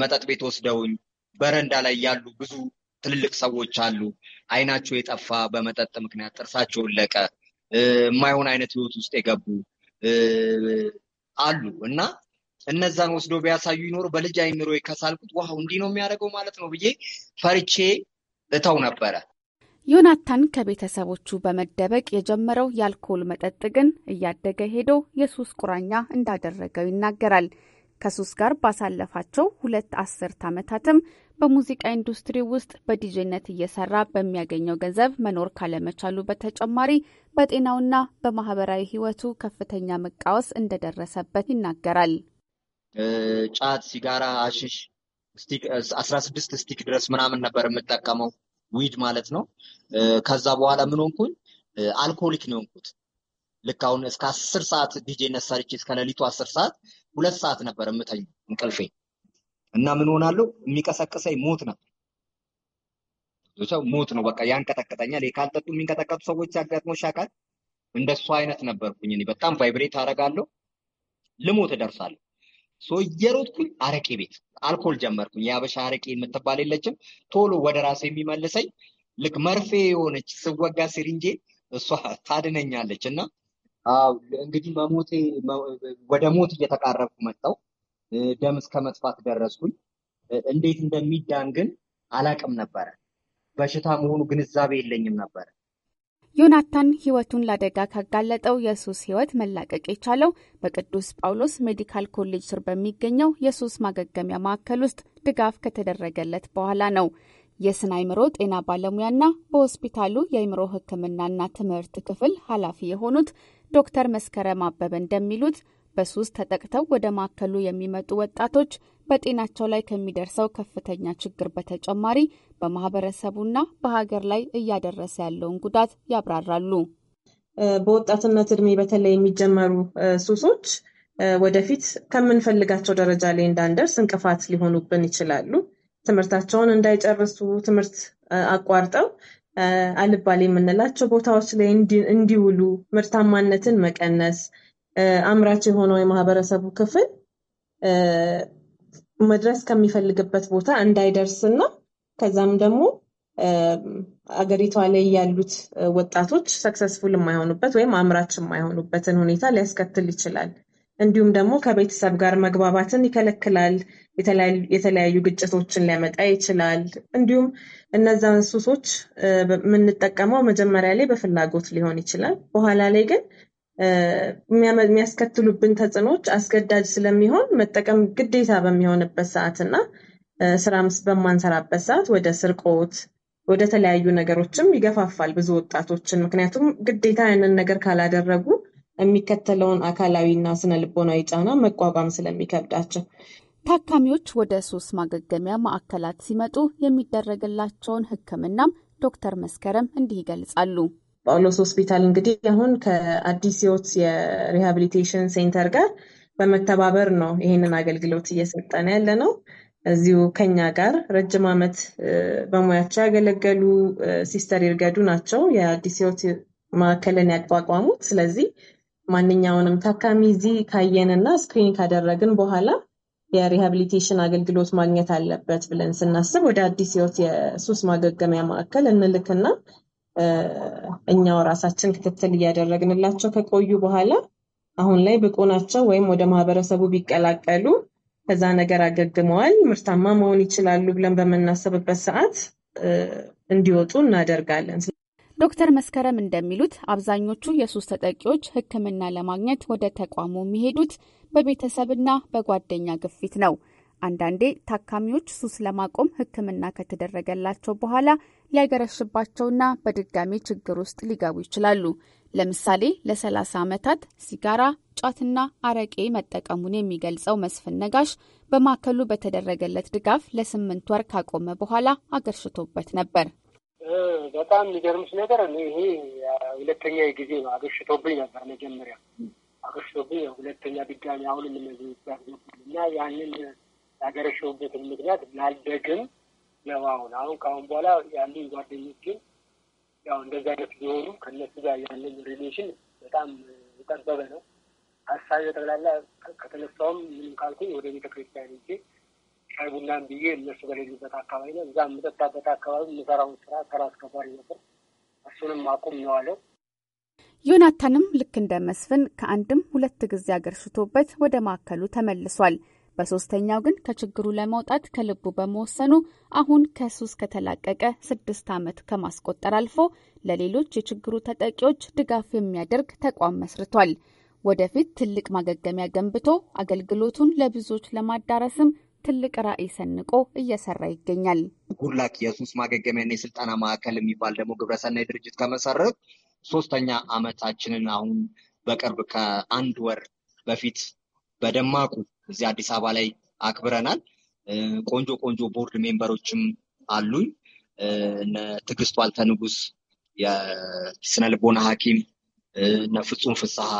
መጠጥ ቤት ወስደውኝ በረንዳ ላይ ያሉ ብዙ ትልልቅ ሰዎች አሉ። አይናቸው የጠፋ በመጠጥ ምክንያት ጥርሳቸው ለቀ፣ የማይሆን አይነት ህይወት ውስጥ የገቡ አሉ እና እነዛን ወስዶ ቢያሳዩ ይኖሩ በልጅ አይምሮ ከሳልኩት ውሃው እንዲህ ነው የሚያደርገው ማለት ነው ብዬ ፈርቼ እተው ነበረ። ዮናታን ከቤተሰቦቹ በመደበቅ የጀመረው የአልኮል መጠጥ ግን እያደገ ሄዶ የሱስ ቁራኛ እንዳደረገው ይናገራል። ከሱስ ጋር ባሳለፋቸው ሁለት አስርት ዓመታትም በሙዚቃ ኢንዱስትሪ ውስጥ በዲጄነት እየሰራ በሚያገኘው ገንዘብ መኖር ካለመቻሉ በተጨማሪ በጤናውና በማህበራዊ ሕይወቱ ከፍተኛ መቃወስ እንደደረሰበት ይናገራል። ጫት፣ ሲጋራ፣ አሽሽ አስራ ስድስት ስቲክ ድረስ ምናምን ነበር የምጠቀመው ዊድ ማለት ነው። ከዛ በኋላ ምን ሆንኩኝ? አልኮሊክ ነው ሆንኩት። ልክ አሁን እስከ አስር ሰዓት ዲጄነት ሰርቼ እስከ ሌሊቱ አስር ሰዓት ሁለት ሰዓት ነበር የምተኝ እንቅልፌ እና ምን ሆናለሁ የሚቀሰቅሰኝ ሞት ነበር ሰው ሞት ነው በቃ ያንቀጠቅጠኛል። ካልጠጡ የሚንቀጠቀጡ ሰዎች ያጋጥሞ ሻቃል እንደሱ አይነት ነበርኩኝ። በጣም ቫይብሬት አደርጋለሁ፣ ልሞት እደርሳለሁ። እየሮጥኩኝ አረቄ ቤት አልኮል ጀመርኩኝ። የአበሻ አረቄ የምትባል የለችም ቶሎ ወደ ራሴ የሚመልሰኝ ልክ መርፌ የሆነች ስወጋ ሲሪንጄ እሷ ታድነኛለች። እና እንግዲህ መሞቴ ወደ ሞት እየተቃረብኩ መጣው ደም እስከ መጥፋት ደረስኩኝ። እንዴት እንደሚዳን ግን አላቅም ነበረ። በሽታ መሆኑ ግንዛቤ የለኝም ነበረ። ዮናታን ህይወቱን ለአደጋ ካጋለጠው የሱስ ህይወት መላቀቅ የቻለው በቅዱስ ጳውሎስ ሜዲካል ኮሌጅ ስር በሚገኘው የሱስ ማገገሚያ ማዕከል ውስጥ ድጋፍ ከተደረገለት በኋላ ነው። የስነ አይምሮ ጤና ባለሙያና በሆስፒታሉ የአይምሮ ህክምናና ትምህርት ክፍል ኃላፊ የሆኑት ዶክተር መስከረም አበበ እንደሚሉት በሱስ ተጠቅተው ወደ ማዕከሉ የሚመጡ ወጣቶች በጤናቸው ላይ ከሚደርሰው ከፍተኛ ችግር በተጨማሪ በማህበረሰቡና በሀገር ላይ እያደረሰ ያለውን ጉዳት ያብራራሉ። በወጣትነት እድሜ በተለይ የሚጀመሩ ሱሶች ወደፊት ከምንፈልጋቸው ደረጃ ላይ እንዳንደርስ እንቅፋት ሊሆኑብን ይችላሉ። ትምህርታቸውን እንዳይጨርሱ ትምህርት አቋርጠው አልባሌ የምንላቸው ቦታዎች ላይ እንዲውሉ፣ ምርታማነትን መቀነስ፣ አምራች የሆነው የማህበረሰቡ ክፍል መድረስ ከሚፈልግበት ቦታ እንዳይደርስና ከዛም ደግሞ አገሪቷ ላይ ያሉት ወጣቶች ሰክሰስፉል የማይሆኑበት ወይም አምራች የማይሆኑበትን ሁኔታ ሊያስከትል ይችላል። እንዲሁም ደግሞ ከቤተሰብ ጋር መግባባትን ይከለክላል። የተለያዩ ግጭቶችን ሊያመጣ ይችላል። እንዲሁም እነዛን ሱሶች የምንጠቀመው መጀመሪያ ላይ በፍላጎት ሊሆን ይችላል። በኋላ ላይ ግን የሚያስከትሉብን ተጽዕኖች አስገዳጅ ስለሚሆን መጠቀም ግዴታ በሚሆንበት ሰዓት እና ስራ በማንሰራበት ሰዓት ወደ ስርቆት ወደ ተለያዩ ነገሮችም ይገፋፋል ብዙ ወጣቶችን። ምክንያቱም ግዴታ ያንን ነገር ካላደረጉ የሚከተለውን አካላዊና ስነ ልቦናዊ ጫና መቋቋም ስለሚከብዳቸው ታካሚዎች ወደ ሶስት ማገገሚያ ማዕከላት ሲመጡ የሚደረግላቸውን ሕክምናም ዶክተር መስከረም እንዲህ ይገልጻሉ። ጳውሎስ ሆስፒታል እንግዲህ አሁን ከአዲስ ህይወት የሪሃብሊቴሽን ሴንተር ጋር በመተባበር ነው ይህንን አገልግሎት እየሰጠን ያለ ነው። እዚሁ ከኛ ጋር ረጅም ዓመት በሙያቸው ያገለገሉ ሲስተር ይርገዱ ናቸው የአዲስ ህይወት ማዕከልን ያቋቋሙት። ስለዚህ ማንኛውንም ታካሚ እዚህ ካየንና ስክሪን ካደረግን በኋላ የሪሃብሊቴሽን አገልግሎት ማግኘት አለበት ብለን ስናስብ ወደ አዲስ ህይወት የሱስ ማገገሚያ ማዕከል እንልክና እኛው ራሳችን ክትትል እያደረግንላቸው ከቆዩ በኋላ አሁን ላይ ብቁ ናቸው ወይም ወደ ማህበረሰቡ ቢቀላቀሉ ከዛ ነገር አገግመዋል፣ ምርታማ መሆን ይችላሉ ብለን በምናስብበት ሰዓት እንዲወጡ እናደርጋለን። ዶክተር መስከረም እንደሚሉት አብዛኞቹ የሱስ ተጠቂዎች ሕክምና ለማግኘት ወደ ተቋሙ የሚሄዱት በቤተሰብና በጓደኛ ግፊት ነው። አንዳንዴ ታካሚዎች ሱስ ለማቆም ሕክምና ከተደረገላቸው በኋላ ሊያገረሽባቸውና በድጋሚ ችግር ውስጥ ሊገቡ ይችላሉ። ለምሳሌ ለ30 ዓመታት ሲጋራ ጫትና አረቄ መጠቀሙን የሚገልጸው መስፍን ነጋሽ በማዕከሉ በተደረገለት ድጋፍ ለስምንት ወር ካቆመ በኋላ አገርሽቶበት ነበር። በጣም የሚገርምሽ ነገር ይሄ ሁለተኛ ጊዜ ነው። አገርሽቶብኝ ነበር። መጀመሪያ አገርሽቶብኝ፣ ሁለተኛ ድጋሚ አሁን እነዚህ እና ያንን ያገረሸውበትን ምክንያት ላልደግም ነው። አሁን አሁን ከአሁን በኋላ ያሉኝ ግን ያው እንደዚህ አይነት ቢሆኑ ከነሱ ጋር ያለኝ ሪሌሽን በጣም የጠበበ ነው። ሀሳብ የጠቅላላ ከተነሳውም ምንም ካልኩኝ ወደ ቤተ ክርስቲያን ሄጄ ሻይ ቡናን ብዬ እነሱ በሌሉበት አካባቢ ነው። እዛ የምጠጣበት አካባቢ የምሰራውን ስራ ተራ አስከባሪ ነበር። እሱንም አቁም ነው አለው። ዮናታንም ልክ እንደ መስፍን ከአንድም ሁለት ጊዜ አገር ሽቶበት ወደ ማዕከሉ ተመልሷል። በሶስተኛው ግን ከችግሩ ለመውጣት ከልቡ በመወሰኑ አሁን ከሱስ ከተላቀቀ ስድስት ዓመት ከማስቆጠር አልፎ ለሌሎች የችግሩ ተጠቂዎች ድጋፍ የሚያደርግ ተቋም መስርቷል። ወደፊት ትልቅ ማገገሚያ ገንብቶ አገልግሎቱን ለብዙዎች ለማዳረስም ትልቅ ራዕይ ሰንቆ እየሰራ ይገኛል። ጉላክ የሱስ ማገገሚያና የስልጠና ማዕከል የሚባል ደግሞ ግብረሰናይ ድርጅት ከመሰረት ሶስተኛ ዓመታችንን አሁን በቅርብ ከአንድ ወር በፊት በደማቁ እዚህ አዲስ አበባ ላይ አክብረናል። ቆንጆ ቆንጆ ቦርድ ሜምበሮችም አሉኝ። እነ ዋልተ ንጉስ የስነ ልቦና ሐኪም እነ ፍጹም ፍስሐ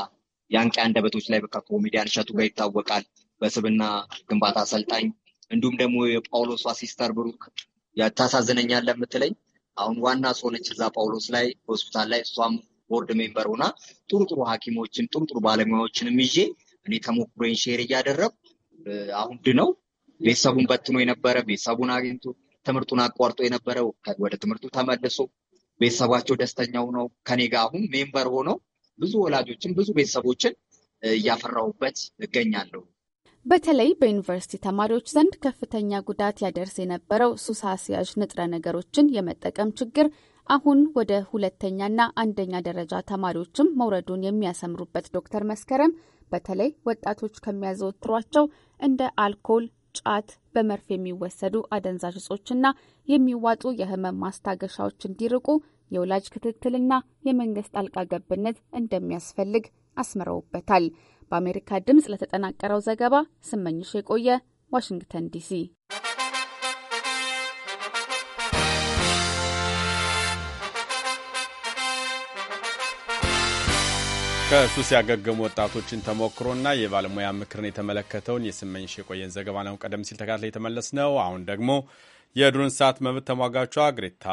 የአንቂ አንደበቶች ላይ ከኮሜዲያን እሸቱ ጋር ይታወቃል። በስብና ግንባታ አሰልጣኝ እንዲሁም ደግሞ የጳውሎሷ ሲስተር ብሩክ ታሳዝነኛል ለምትለኝ አሁን ዋና ሰሆነች እዛ ጳውሎስ ላይ ሆስፒታል ላይ እሷም ቦርድ ሜምበር ሆና ጥሩ ጥሩ ሀኪሞችን ጥሩ ጥሩ ባለሙያዎችንም ይዤ እኔ ተሞክሮኝ ሼር እያደረጉ አሁን ድነው ቤተሰቡን በትኖ የነበረ ቤተሰቡን አግኝቶ ትምህርቱን አቋርጦ የነበረ ወደ ትምህርቱ ተመልሶ ቤተሰባቸው ደስተኛው ነው ከኔ ጋር አሁን ሜምበር ሆነው ብዙ ወላጆችን ብዙ ቤተሰቦችን እያፈራሁበት እገኛለሁ። በተለይ በዩኒቨርሲቲ ተማሪዎች ዘንድ ከፍተኛ ጉዳት ያደርስ የነበረው ሱስ አስያዥ ንጥረ ነገሮችን የመጠቀም ችግር አሁን ወደ ሁለተኛና አንደኛ ደረጃ ተማሪዎችም መውረዱን የሚያሰምሩበት ዶክተር መስከረም በተለይ ወጣቶች ከሚያዘወትሯቸው እንደ አልኮል፣ ጫት፣ በመርፌ የሚወሰዱ አደንዛዥ እጾችና የሚዋጡ የህመም ማስታገሻዎች እንዲርቁ የወላጅ ክትትልና የመንግስት ጣልቃ ገብነት እንደሚያስፈልግ አስምረውበታል። በአሜሪካ ድምፅ ለተጠናቀረው ዘገባ ስመኝሽ የቆየ ዋሽንግተን ዲሲ። ከሱስ ያገገሙ ወጣቶችን ተሞክሮና የባለሙያ ምክርን የተመለከተውን የስመኝሽ የቆየን ዘገባ ነው ቀደም ሲል ተከታትለ የተመለስ ነው። አሁን ደግሞ የዱር እንስሳት መብት ተሟጋቿ ግሬታ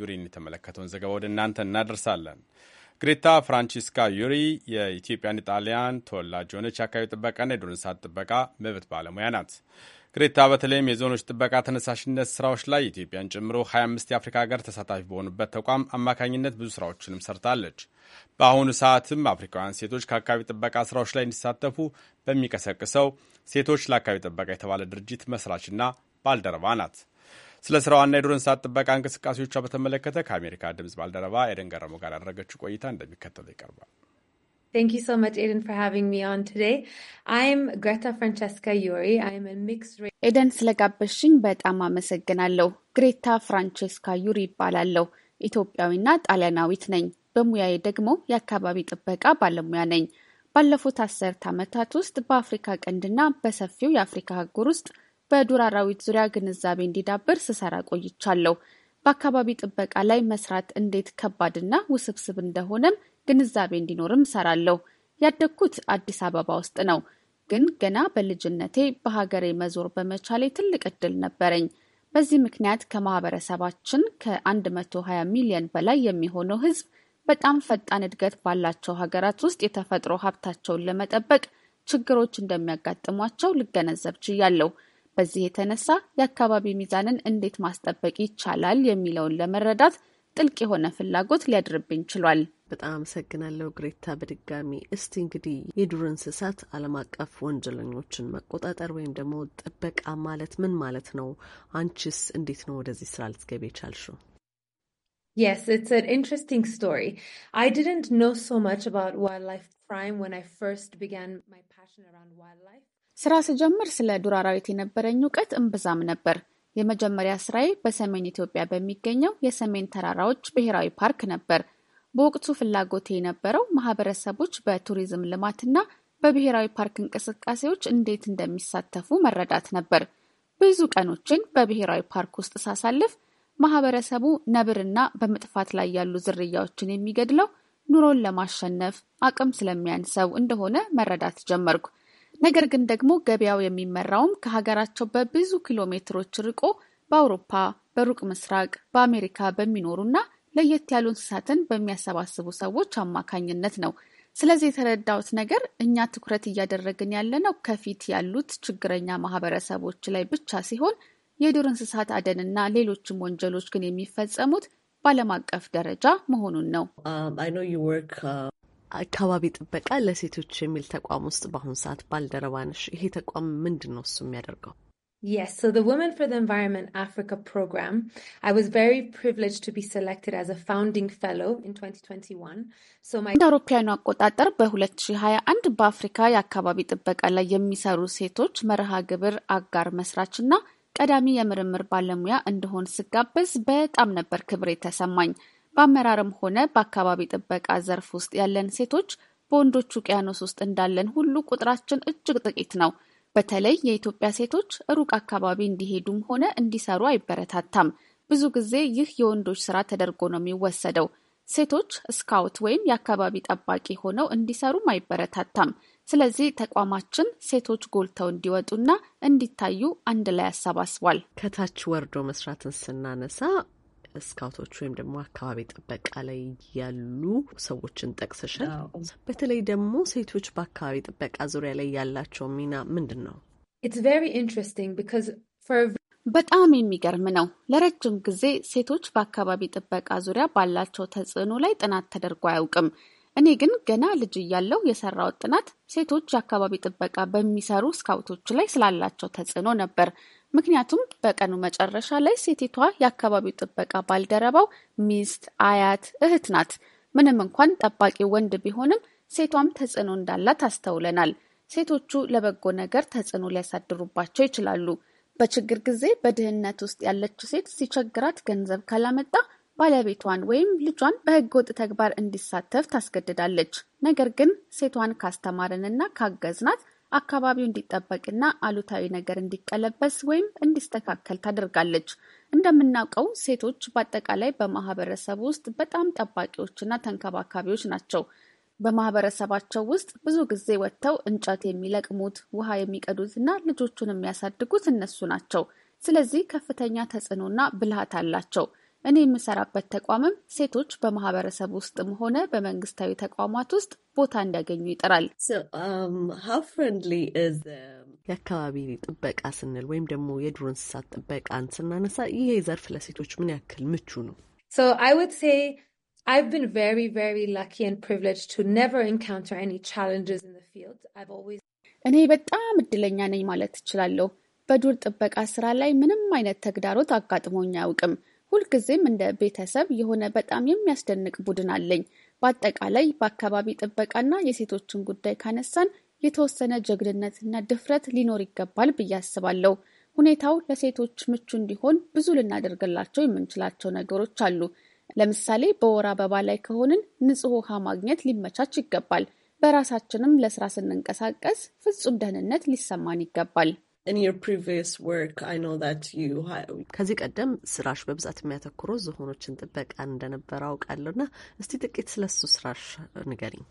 ዩሪን የተመለከተውን ዘገባ ወደ እናንተ እናደርሳለን። ግሬታ ፍራንቺስካ ዩሪ የኢትዮጵያን ጣሊያን ተወላጅ የሆነች የአካባቢ ጥበቃና የዱር እንስሳት ጥበቃ መብት ባለሙያ ናት። ግሬታ በተለይም የዞኖች ጥበቃ ተነሳሽነት ስራዎች ላይ ኢትዮጵያን ጨምሮ 25 የአፍሪካ ሀገር ተሳታፊ በሆኑበት ተቋም አማካኝነት ብዙ ስራዎችንም ሰርታለች። በአሁኑ ሰዓትም አፍሪካውያን ሴቶች ከአካባቢ ጥበቃ ስራዎች ላይ እንዲሳተፉ በሚቀሰቅሰው ሴቶች ለአካባቢ ጥበቃ የተባለ ድርጅት መስራችና ባልደረባ ናት። ስለ ስራዋና የዱር እንስሳት ጥበቃ እንቅስቃሴዎቿ በተመለከተ ከአሜሪካ ድምፅ ባልደረባ ኤደን ገረሞ ጋር ያደረገችው ቆይታ እንደሚከተለው ይቀርባል። Thank you so much, Aiden, for having me on today. I'm Greta Francesca Yuri. I'm a mixed race. ኤደን ስለጋበሽኝ በጣም አመሰግናለሁ። ግሬታ ፍራንቸስካ ዩሪ ይባላለሁ። ኢትዮጵያዊና ጣሊያናዊት ነኝ። በሙያዬ ደግሞ የአካባቢ ጥበቃ ባለሙያ ነኝ። ባለፉት አስርት ዓመታት ውስጥ በአፍሪካ ቀንድና በሰፊው የአፍሪካ አህጉር ውስጥ በዱር አራዊት ዙሪያ ግንዛቤ እንዲዳብር ስሰራ ቆይቻለሁ። በአካባቢ ጥበቃ ላይ መስራት እንዴት ከባድና ውስብስብ እንደሆነም ግንዛቤ እንዲኖርም ሰራለሁ ያደግኩት አዲስ አበባ ውስጥ ነው፣ ግን ገና በልጅነቴ በሀገሬ መዞር በመቻሌ ትልቅ እድል ነበረኝ። በዚህ ምክንያት ከማህበረሰባችን ከ120 ሚሊዮን በላይ የሚሆነው ህዝብ በጣም ፈጣን እድገት ባላቸው ሀገራት ውስጥ የተፈጥሮ ሀብታቸውን ለመጠበቅ ችግሮች እንደሚያጋጥሟቸው ልገነዘብ ችያለሁ። በዚህ የተነሳ የአካባቢ ሚዛንን እንዴት ማስጠበቅ ይቻላል የሚለውን ለመረዳት ጥልቅ የሆነ ፍላጎት ሊያድርብኝ ችሏል። በጣም አመሰግናለሁ ግሬታ። በድጋሚ እስቲ እንግዲህ የዱር እንስሳት ዓለም አቀፍ ወንጀለኞችን መቆጣጠር ወይም ደግሞ ጥበቃ ማለት ምን ማለት ነው? አንቺስ እንዴት ነው ወደዚህ ስራ ልትገቢ የቻልሽው? Yes, it's an interesting story. I didn't know so much about wildlife crime when I first began my passion around wildlife. ስራ ስጀምር ስለ ዱር አራዊት የነበረኝ እውቀት እምብዛም ነበር። የመጀመሪያ ስራዬ በሰሜን ኢትዮጵያ በሚገኘው የሰሜን ተራራዎች ብሔራዊ ፓርክ ነበር። በወቅቱ ፍላጎቴ የነበረው ማህበረሰቦች በቱሪዝም ልማትና በብሔራዊ ፓርክ እንቅስቃሴዎች እንዴት እንደሚሳተፉ መረዳት ነበር። ብዙ ቀኖችን በብሔራዊ ፓርክ ውስጥ ሳሳልፍ ማህበረሰቡ ነብርና በመጥፋት ላይ ያሉ ዝርያዎችን የሚገድለው ኑሮን ለማሸነፍ አቅም ስለሚያንሰው እንደሆነ መረዳት ጀመርኩ። ነገር ግን ደግሞ ገበያው የሚመራውም ከሀገራቸው በብዙ ኪሎ ሜትሮች ርቆ በአውሮፓ፣ በሩቅ ምስራቅ፣ በአሜሪካ በሚኖሩና ለየት ያሉ እንስሳትን በሚያሰባስቡ ሰዎች አማካኝነት ነው። ስለዚህ የተረዳሁት ነገር እኛ ትኩረት እያደረግን ያለነው ከፊት ያሉት ችግረኛ ማህበረሰቦች ላይ ብቻ ሲሆን የዱር እንስሳት አደንና ሌሎችም ወንጀሎች ግን የሚፈጸሙት በዓለም አቀፍ ደረጃ መሆኑን ነው። um, አካባቢ ጥበቃ ለሴቶች የሚል ተቋም ውስጥ በአሁኑ ሰዓት ባልደረባ ነሽ። ይሄ ተቋም ምንድን ነው እሱ የሚያደርገው? Yes, so the Women for the Environment Africa program, I was very privileged to be selected as a founding fellow in 2021. So my እንደ አውሮፓውያኑ አቆጣጠር በ2021 በአፍሪካ የአካባቢ ጥበቃ ላይ የሚሰሩ ሴቶች መርሃ ግብር አጋር መስራች እና ቀዳሚ የምርምር ባለሙያ እንደሆን ስጋበዝ በጣም ነበር ክብር የተሰማኝ። በአመራርም ሆነ በአካባቢ ጥበቃ ዘርፍ ውስጥ ያለን ሴቶች በወንዶች ውቅያኖስ ውስጥ እንዳለን ሁሉ ቁጥራችን እጅግ ጥቂት ነው። በተለይ የኢትዮጵያ ሴቶች ሩቅ አካባቢ እንዲሄዱም ሆነ እንዲሰሩ አይበረታታም። ብዙ ጊዜ ይህ የወንዶች ስራ ተደርጎ ነው የሚወሰደው። ሴቶች ስካውት ወይም የአካባቢ ጠባቂ ሆነው እንዲሰሩም አይበረታታም። ስለዚህ ተቋማችን ሴቶች ጎልተው እንዲወጡና እንዲታዩ አንድ ላይ አሰባስቧል። ከታች ወርዶ መስራትን ስናነሳ ስካውቶች ወይም ደግሞ አካባቢ ጥበቃ ላይ ያሉ ሰዎችን ጠቅሰሻል። በተለይ ደግሞ ሴቶች በአካባቢ ጥበቃ ዙሪያ ላይ ያላቸው ሚና ምንድን ነው? በጣም የሚገርም ነው። ለረጅም ጊዜ ሴቶች በአካባቢ ጥበቃ ዙሪያ ባላቸው ተጽዕኖ ላይ ጥናት ተደርጎ አያውቅም። እኔ ግን ገና ልጅ እያለሁ የሰራው ጥናት ሴቶች የአካባቢ ጥበቃ በሚሰሩ ስካውቶች ላይ ስላላቸው ተጽዕኖ ነበር። ምክንያቱም በቀኑ መጨረሻ ላይ ሴቲቷ የአካባቢው ጥበቃ ባልደረባው ሚስት፣ አያት፣ እህት ናት። ምንም እንኳን ጠባቂ ወንድ ቢሆንም ሴቷም ተጽዕኖ እንዳላት አስተውለናል። ሴቶቹ ለበጎ ነገር ተጽዕኖ ሊያሳድሩባቸው ይችላሉ። በችግር ጊዜ በድህነት ውስጥ ያለችው ሴት ሲቸግራት ገንዘብ ካላመጣ ባለቤቷን ወይም ልጇን በህገወጥ ተግባር እንዲሳተፍ ታስገድዳለች። ነገር ግን ሴቷን ካስተማርንና ካገዝናት አካባቢው እንዲጠበቅና አሉታዊ ነገር እንዲቀለበስ ወይም እንዲስተካከል ታደርጋለች። እንደምናውቀው ሴቶች በአጠቃላይ በማህበረሰብ ውስጥ በጣም ጠባቂዎችና ተንከባካቢዎች ናቸው። በማህበረሰባቸው ውስጥ ብዙ ጊዜ ወጥተው እንጨት የሚለቅሙት፣ ውሃ የሚቀዱትና ልጆቹን የሚያሳድጉት እነሱ ናቸው። ስለዚህ ከፍተኛ ተጽዕኖና ብልሃት አላቸው። እኔ የምሰራበት ተቋምም ሴቶች በማህበረሰብ ውስጥም ሆነ በመንግስታዊ ተቋማት ውስጥ ቦታ እንዲያገኙ ይጥራል። um, የአካባቢ ጥበቃ ስንል ወይም ደግሞ የዱር እንስሳት ጥበቃን ስናነሳ ይሄ ዘርፍ ለሴቶች ምን ያክል ምቹ ነው? እኔ በጣም እድለኛ ነኝ ማለት እችላለሁ። በዱር ጥበቃ ስራ ላይ ምንም አይነት ተግዳሮት አጋጥሞኝ አያውቅም። ሁልጊዜም እንደ ቤተሰብ የሆነ በጣም የሚያስደንቅ ቡድን አለኝ። በአጠቃላይ በአካባቢ ጥበቃና የሴቶችን ጉዳይ ካነሳን የተወሰነ ጀግንነትና ድፍረት ሊኖር ይገባል ብዬ አስባለሁ። ሁኔታው ለሴቶች ምቹ እንዲሆን ብዙ ልናደርግላቸው የምንችላቸው ነገሮች አሉ። ለምሳሌ በወር አበባ ላይ ከሆንን ንጹህ ውሃ ማግኘት ሊመቻች ይገባል። በራሳችንም ለስራ ስንንቀሳቀስ ፍጹም ደህንነት ሊሰማን ይገባል። ከዚህ ቀደም ስራሽ በብዛት የሚያተኩረው ዝሆኖችን ጥበቃ እንደነበረ አውቃለሁ እና እስቲ ጥቂት ስለሱ ስራሽ ንገሪኝ።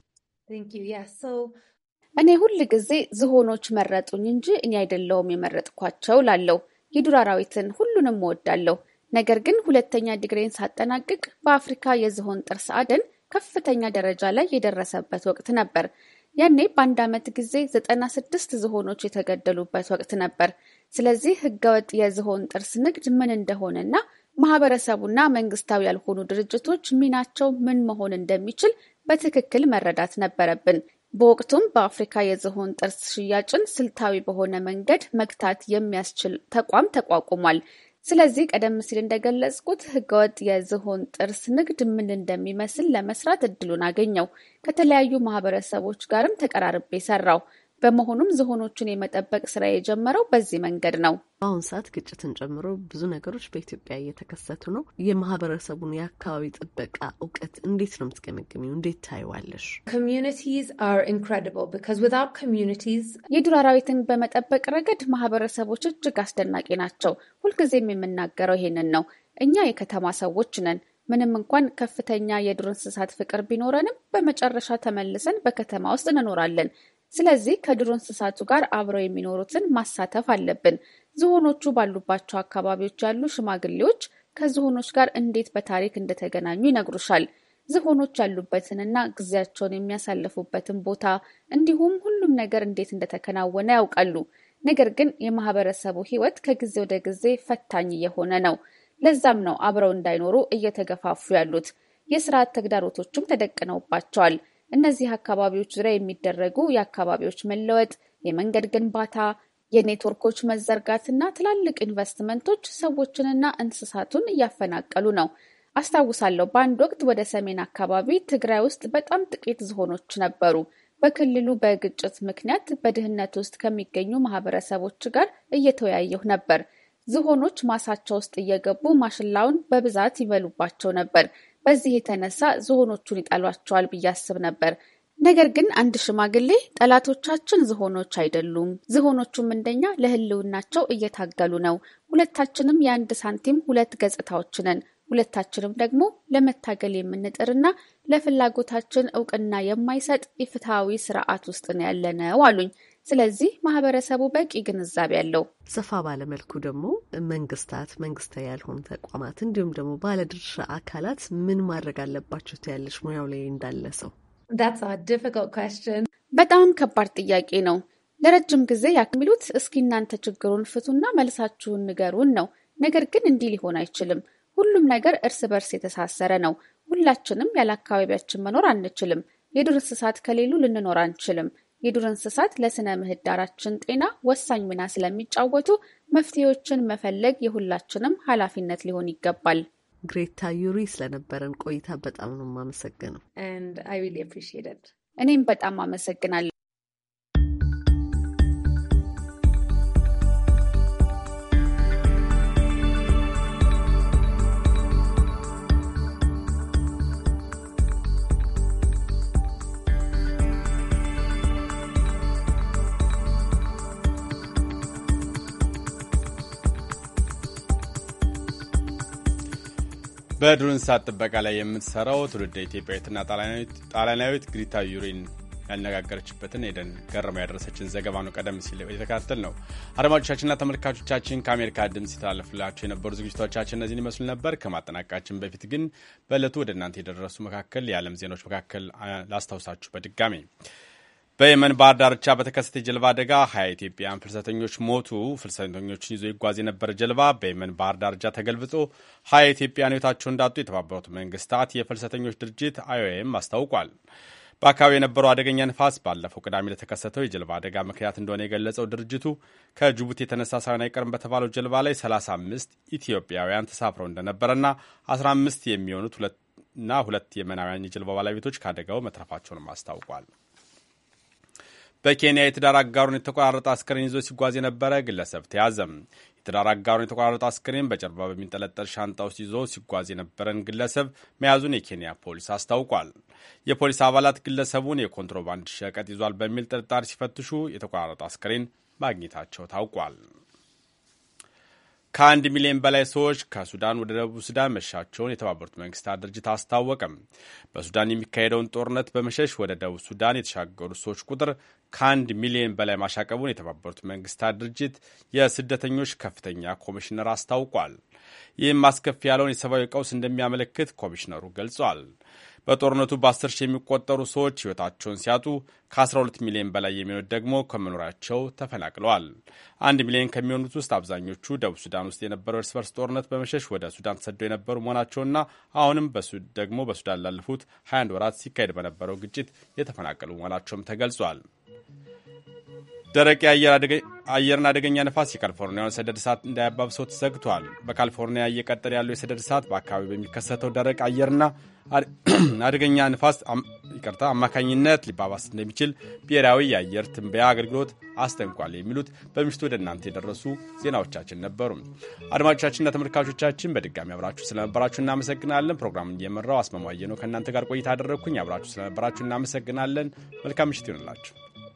እኔ ሁል ጊዜ ዝሆኖች መረጡኝ እንጂ እኔ አይደለውም የመረጥኳቸው ላለው የዱር አራዊትን ሁሉንም እወዳለሁ። ነገር ግን ሁለተኛ ዲግሬን ሳጠናቅቅ በአፍሪካ የዝሆን ጥርስ አደን ከፍተኛ ደረጃ ላይ የደረሰበት ወቅት ነበር። ያኔ በአንድ ዓመት ጊዜ 96 ስድስት ዝሆኖች የተገደሉበት ወቅት ነበር። ስለዚህ ህገወጥ የዝሆን ጥርስ ንግድ ምን እንደሆነና ማህበረሰቡና መንግስታዊ ያልሆኑ ድርጅቶች ሚናቸው ምን መሆን እንደሚችል በትክክል መረዳት ነበረብን። በወቅቱም በአፍሪካ የዝሆን ጥርስ ሽያጭን ስልታዊ በሆነ መንገድ መግታት የሚያስችል ተቋም ተቋቁሟል። ስለዚህ ቀደም ሲል እንደገለጽኩት ህገወጥ የዝሆን ጥርስ ንግድ ምን እንደሚመስል ለመስራት እድሉን አገኘው። ከተለያዩ ማህበረሰቦች ጋርም ተቀራርቤ ሰራው። በመሆኑም ዝሆኖቹን የመጠበቅ ስራ የጀመረው በዚህ መንገድ ነው። በአሁን ሰዓት ግጭትን ጨምሮ ብዙ ነገሮች በኢትዮጵያ እየተከሰቱ ነው። የማህበረሰቡን የአካባቢ ጥበቃ እውቀት እንዴት ነው የምትገመገሚው? እንዴት ታይዋለሽ? የዱር አራዊትን በመጠበቅ ረገድ ማህበረሰቦች እጅግ አስደናቂ ናቸው። ሁልጊዜም የምናገረው ይሄንን ነው። እኛ የከተማ ሰዎች ነን። ምንም እንኳን ከፍተኛ የዱር እንስሳት ፍቅር ቢኖረንም በመጨረሻ ተመልሰን በከተማ ውስጥ እንኖራለን። ስለዚህ ከዱር እንስሳቱ ጋር አብረው የሚኖሩትን ማሳተፍ አለብን። ዝሆኖቹ ባሉባቸው አካባቢዎች ያሉ ሽማግሌዎች ከዝሆኖች ጋር እንዴት በታሪክ እንደተገናኙ ይነግሩሻል። ዝሆኖች ያሉበትንና ጊዜያቸውን የሚያሳልፉበትን ቦታ እንዲሁም ሁሉም ነገር እንዴት እንደተከናወነ ያውቃሉ። ነገር ግን የማህበረሰቡ ሕይወት ከጊዜ ወደ ጊዜ ፈታኝ እየሆነ ነው። ለዛም ነው አብረው እንዳይኖሩ እየተገፋፉ ያሉት። የስርዓት ተግዳሮቶችም ተደቅነውባቸዋል። እነዚህ አካባቢዎች ዙሪያ የሚደረጉ የአካባቢዎች መለወጥ፣ የመንገድ ግንባታ፣ የኔትወርኮች መዘርጋትና ትላልቅ ኢንቨስትመንቶች ሰዎችንና እንስሳቱን እያፈናቀሉ ነው። አስታውሳለሁ በአንድ ወቅት ወደ ሰሜን አካባቢ ትግራይ ውስጥ በጣም ጥቂት ዝሆኖች ነበሩ። በክልሉ በግጭት ምክንያት በድህነት ውስጥ ከሚገኙ ማህበረሰቦች ጋር እየተወያየሁ ነበር። ዝሆኖች ማሳቸው ውስጥ እየገቡ ማሽላውን በብዛት ይበሉባቸው ነበር። በዚህ የተነሳ ዝሆኖቹን ይጠሏቸዋል ብዬ አስብ ነበር። ነገር ግን አንድ ሽማግሌ ጠላቶቻችን ዝሆኖች አይደሉም፣ ዝሆኖቹም እንደኛ ለህልውናቸው እየታገሉ ነው። ሁለታችንም የአንድ ሳንቲም ሁለት ገጽታዎች ነን። ሁለታችንም ደግሞ ለመታገል የምንጥርና ለፍላጎታችን እውቅና የማይሰጥ የፍትሐዊ ስርዓት ውስጥ ነው ያለነው አሉኝ። ስለዚህ ማህበረሰቡ በቂ ግንዛቤ አለው። ሰፋ ባለመልኩ ደግሞ መንግስታት፣ መንግስታዊ ያልሆኑ ተቋማት እንዲሁም ደግሞ ባለድርሻ አካላት ምን ማድረግ አለባቸው ትያለሽ? ሙያው ላይ እንዳለ ሰው በጣም ከባድ ጥያቄ ነው። ለረጅም ጊዜ ያክሚሉት እስኪ እናንተ ችግሩን ፍቱና መልሳችሁን ንገሩን ነው። ነገር ግን እንዲህ ሊሆን አይችልም። ሁሉም ነገር እርስ በርስ የተሳሰረ ነው። ሁላችንም ያለ አካባቢያችን መኖር አንችልም። የዱር እንስሳት ከሌሉ ልንኖር አንችልም። የዱር እንስሳት ለስነ ምህዳራችን ጤና ወሳኝ ሚና ስለሚጫወቱ መፍትሄዎችን መፈለግ የሁላችንም ኃላፊነት ሊሆን ይገባል። ግሬታ ዩሪ ስለነበረን ቆይታ በጣም ነው የማመሰግነው። እኔም በጣም አመሰግናለሁ። በዱር እንስሳት ጥበቃ ላይ የምትሰራው ትውልደ ኢትዮጵያዊትና ጣሊያናዊት ግሪታ ዩሪን ያነጋገረችበትን የደን ገረመው ያደረሰችን ዘገባ ነው ቀደም ሲል የተከታተል ነው። አድማጮቻችንና ተመልካቾቻችን ከአሜሪካ ድምፅ የተላለፉላቸው የነበሩ ዝግጅቶቻችን እነዚህን ይመስሉ ነበር። ከማጠናቀቃችን በፊት ግን በእለቱ ወደ እናንተ የደረሱ መካከል የዓለም ዜናዎች መካከል ላስታውሳችሁ በድጋሜ። በየመን ባህር ዳርቻ በተከሰተ የጀልባ አደጋ ሀያ ኢትዮጵያውያን ፍልሰተኞች ሞቱ። ፍልሰተኞችን ይዞ ይጓዝ የነበረ ጀልባ በየመን ባህር ዳርቻ ተገልብጦ ሀያ ኢትዮጵያውያን ሕይወታቸውን እንዳጡ የተባበሩት መንግስታት የፍልሰተኞች ድርጅት አይኦኤም አስታውቋል። በአካባቢ የነበረው አደገኛ ንፋስ ባለፈው ቅዳሜ ለተከሰተው የጀልባ አደጋ ምክንያት እንደሆነ የገለጸው ድርጅቱ ከጅቡቲ የተነሳ ሳይሆን አይቀርም በተባለው ጀልባ ላይ 35 ኢትዮጵያውያን ተሳፍረው እንደነበረና 15 የሚሆኑት ሁለትና ሁለት የመናውያን የጀልባ ባለቤቶች ከአደጋው መትረፋቸውንም አስታውቋል። በኬንያ የትዳር አጋሩን የተቆራረጠ አስክሬን ይዞ ሲጓዝ የነበረ ግለሰብ ተያዘ። የትዳር አጋሩን የተቆራረጠ አስክሬን በጀርባ በሚንጠለጠል ሻንጣ ውስጥ ይዞ ሲጓዝ የነበረን ግለሰብ መያዙን የኬንያ ፖሊስ አስታውቋል። የፖሊስ አባላት ግለሰቡን የኮንትሮባንድ ሸቀጥ ይዟል በሚል ጥርጣሬ ሲፈትሹ የተቆራረጠ አስክሬን ማግኘታቸው ታውቋል። ከአንድ ሚሊዮን በላይ ሰዎች ከሱዳን ወደ ደቡብ ሱዳን መሻቸውን የተባበሩት መንግስታት ድርጅት አስታወቀም። በሱዳን የሚካሄደውን ጦርነት በመሸሽ ወደ ደቡብ ሱዳን የተሻገሩ ሰዎች ቁጥር ከአንድ ሚሊዮን በላይ ማሻቀቡን የተባበሩት መንግስታት ድርጅት የስደተኞች ከፍተኛ ኮሚሽነር አስታውቋል። ይህም አስከፊ ያለውን የሰብአዊ ቀውስ እንደሚያመለክት ኮሚሽነሩ ገልጿል። በጦርነቱ በ10 ሺህ የሚቆጠሩ ሰዎች ሕይወታቸውን ሲያጡ ከ12 ሚሊዮን በላይ የሚሆኑት ደግሞ ከመኖሪያቸው ተፈናቅለዋል። አንድ ሚሊዮን ከሚሆኑት ውስጥ አብዛኞቹ ደቡብ ሱዳን ውስጥ የነበረው እርስ በርስ ጦርነት በመሸሽ ወደ ሱዳን ተሰደው የነበሩ መሆናቸውና አሁንም ደግሞ በሱዳን ላለፉት 21 ወራት ሲካሄድ በነበረው ግጭት የተፈናቀሉ መሆናቸውም ተገልጿል። ደረቅ አየርና አደገኛ ነፋስ የካሊፎርኒያውን ሰደድ እሳት እንዳያባብሶት ተሰግቷል። በካሊፎርኒያ እየቀጠለ ያለው የሰደድ እሳት በአካባቢው በሚከሰተው ደረቅ አየርና አደገኛ ነፋስ ይቅርታ አማካኝነት ሊባባስ እንደሚችል ብሔራዊ የአየር ትንበያ አገልግሎት አስጠንቋል። የሚሉት በምሽቱ ወደ እናንተ የደረሱ ዜናዎቻችን ነበሩ። አድማጮቻችንና ተመልካቾቻችን በድጋሚ አብራችሁ ስለነበራችሁ እናመሰግናለን። ፕሮግራሙን እየመራው አስመማየ ነው። ከእናንተ ጋር ቆይታ አደረግኩኝ። አብራችሁ ስለነበራችሁ እናመሰግናለን። መልካም ምሽት ይሆንላችሁ።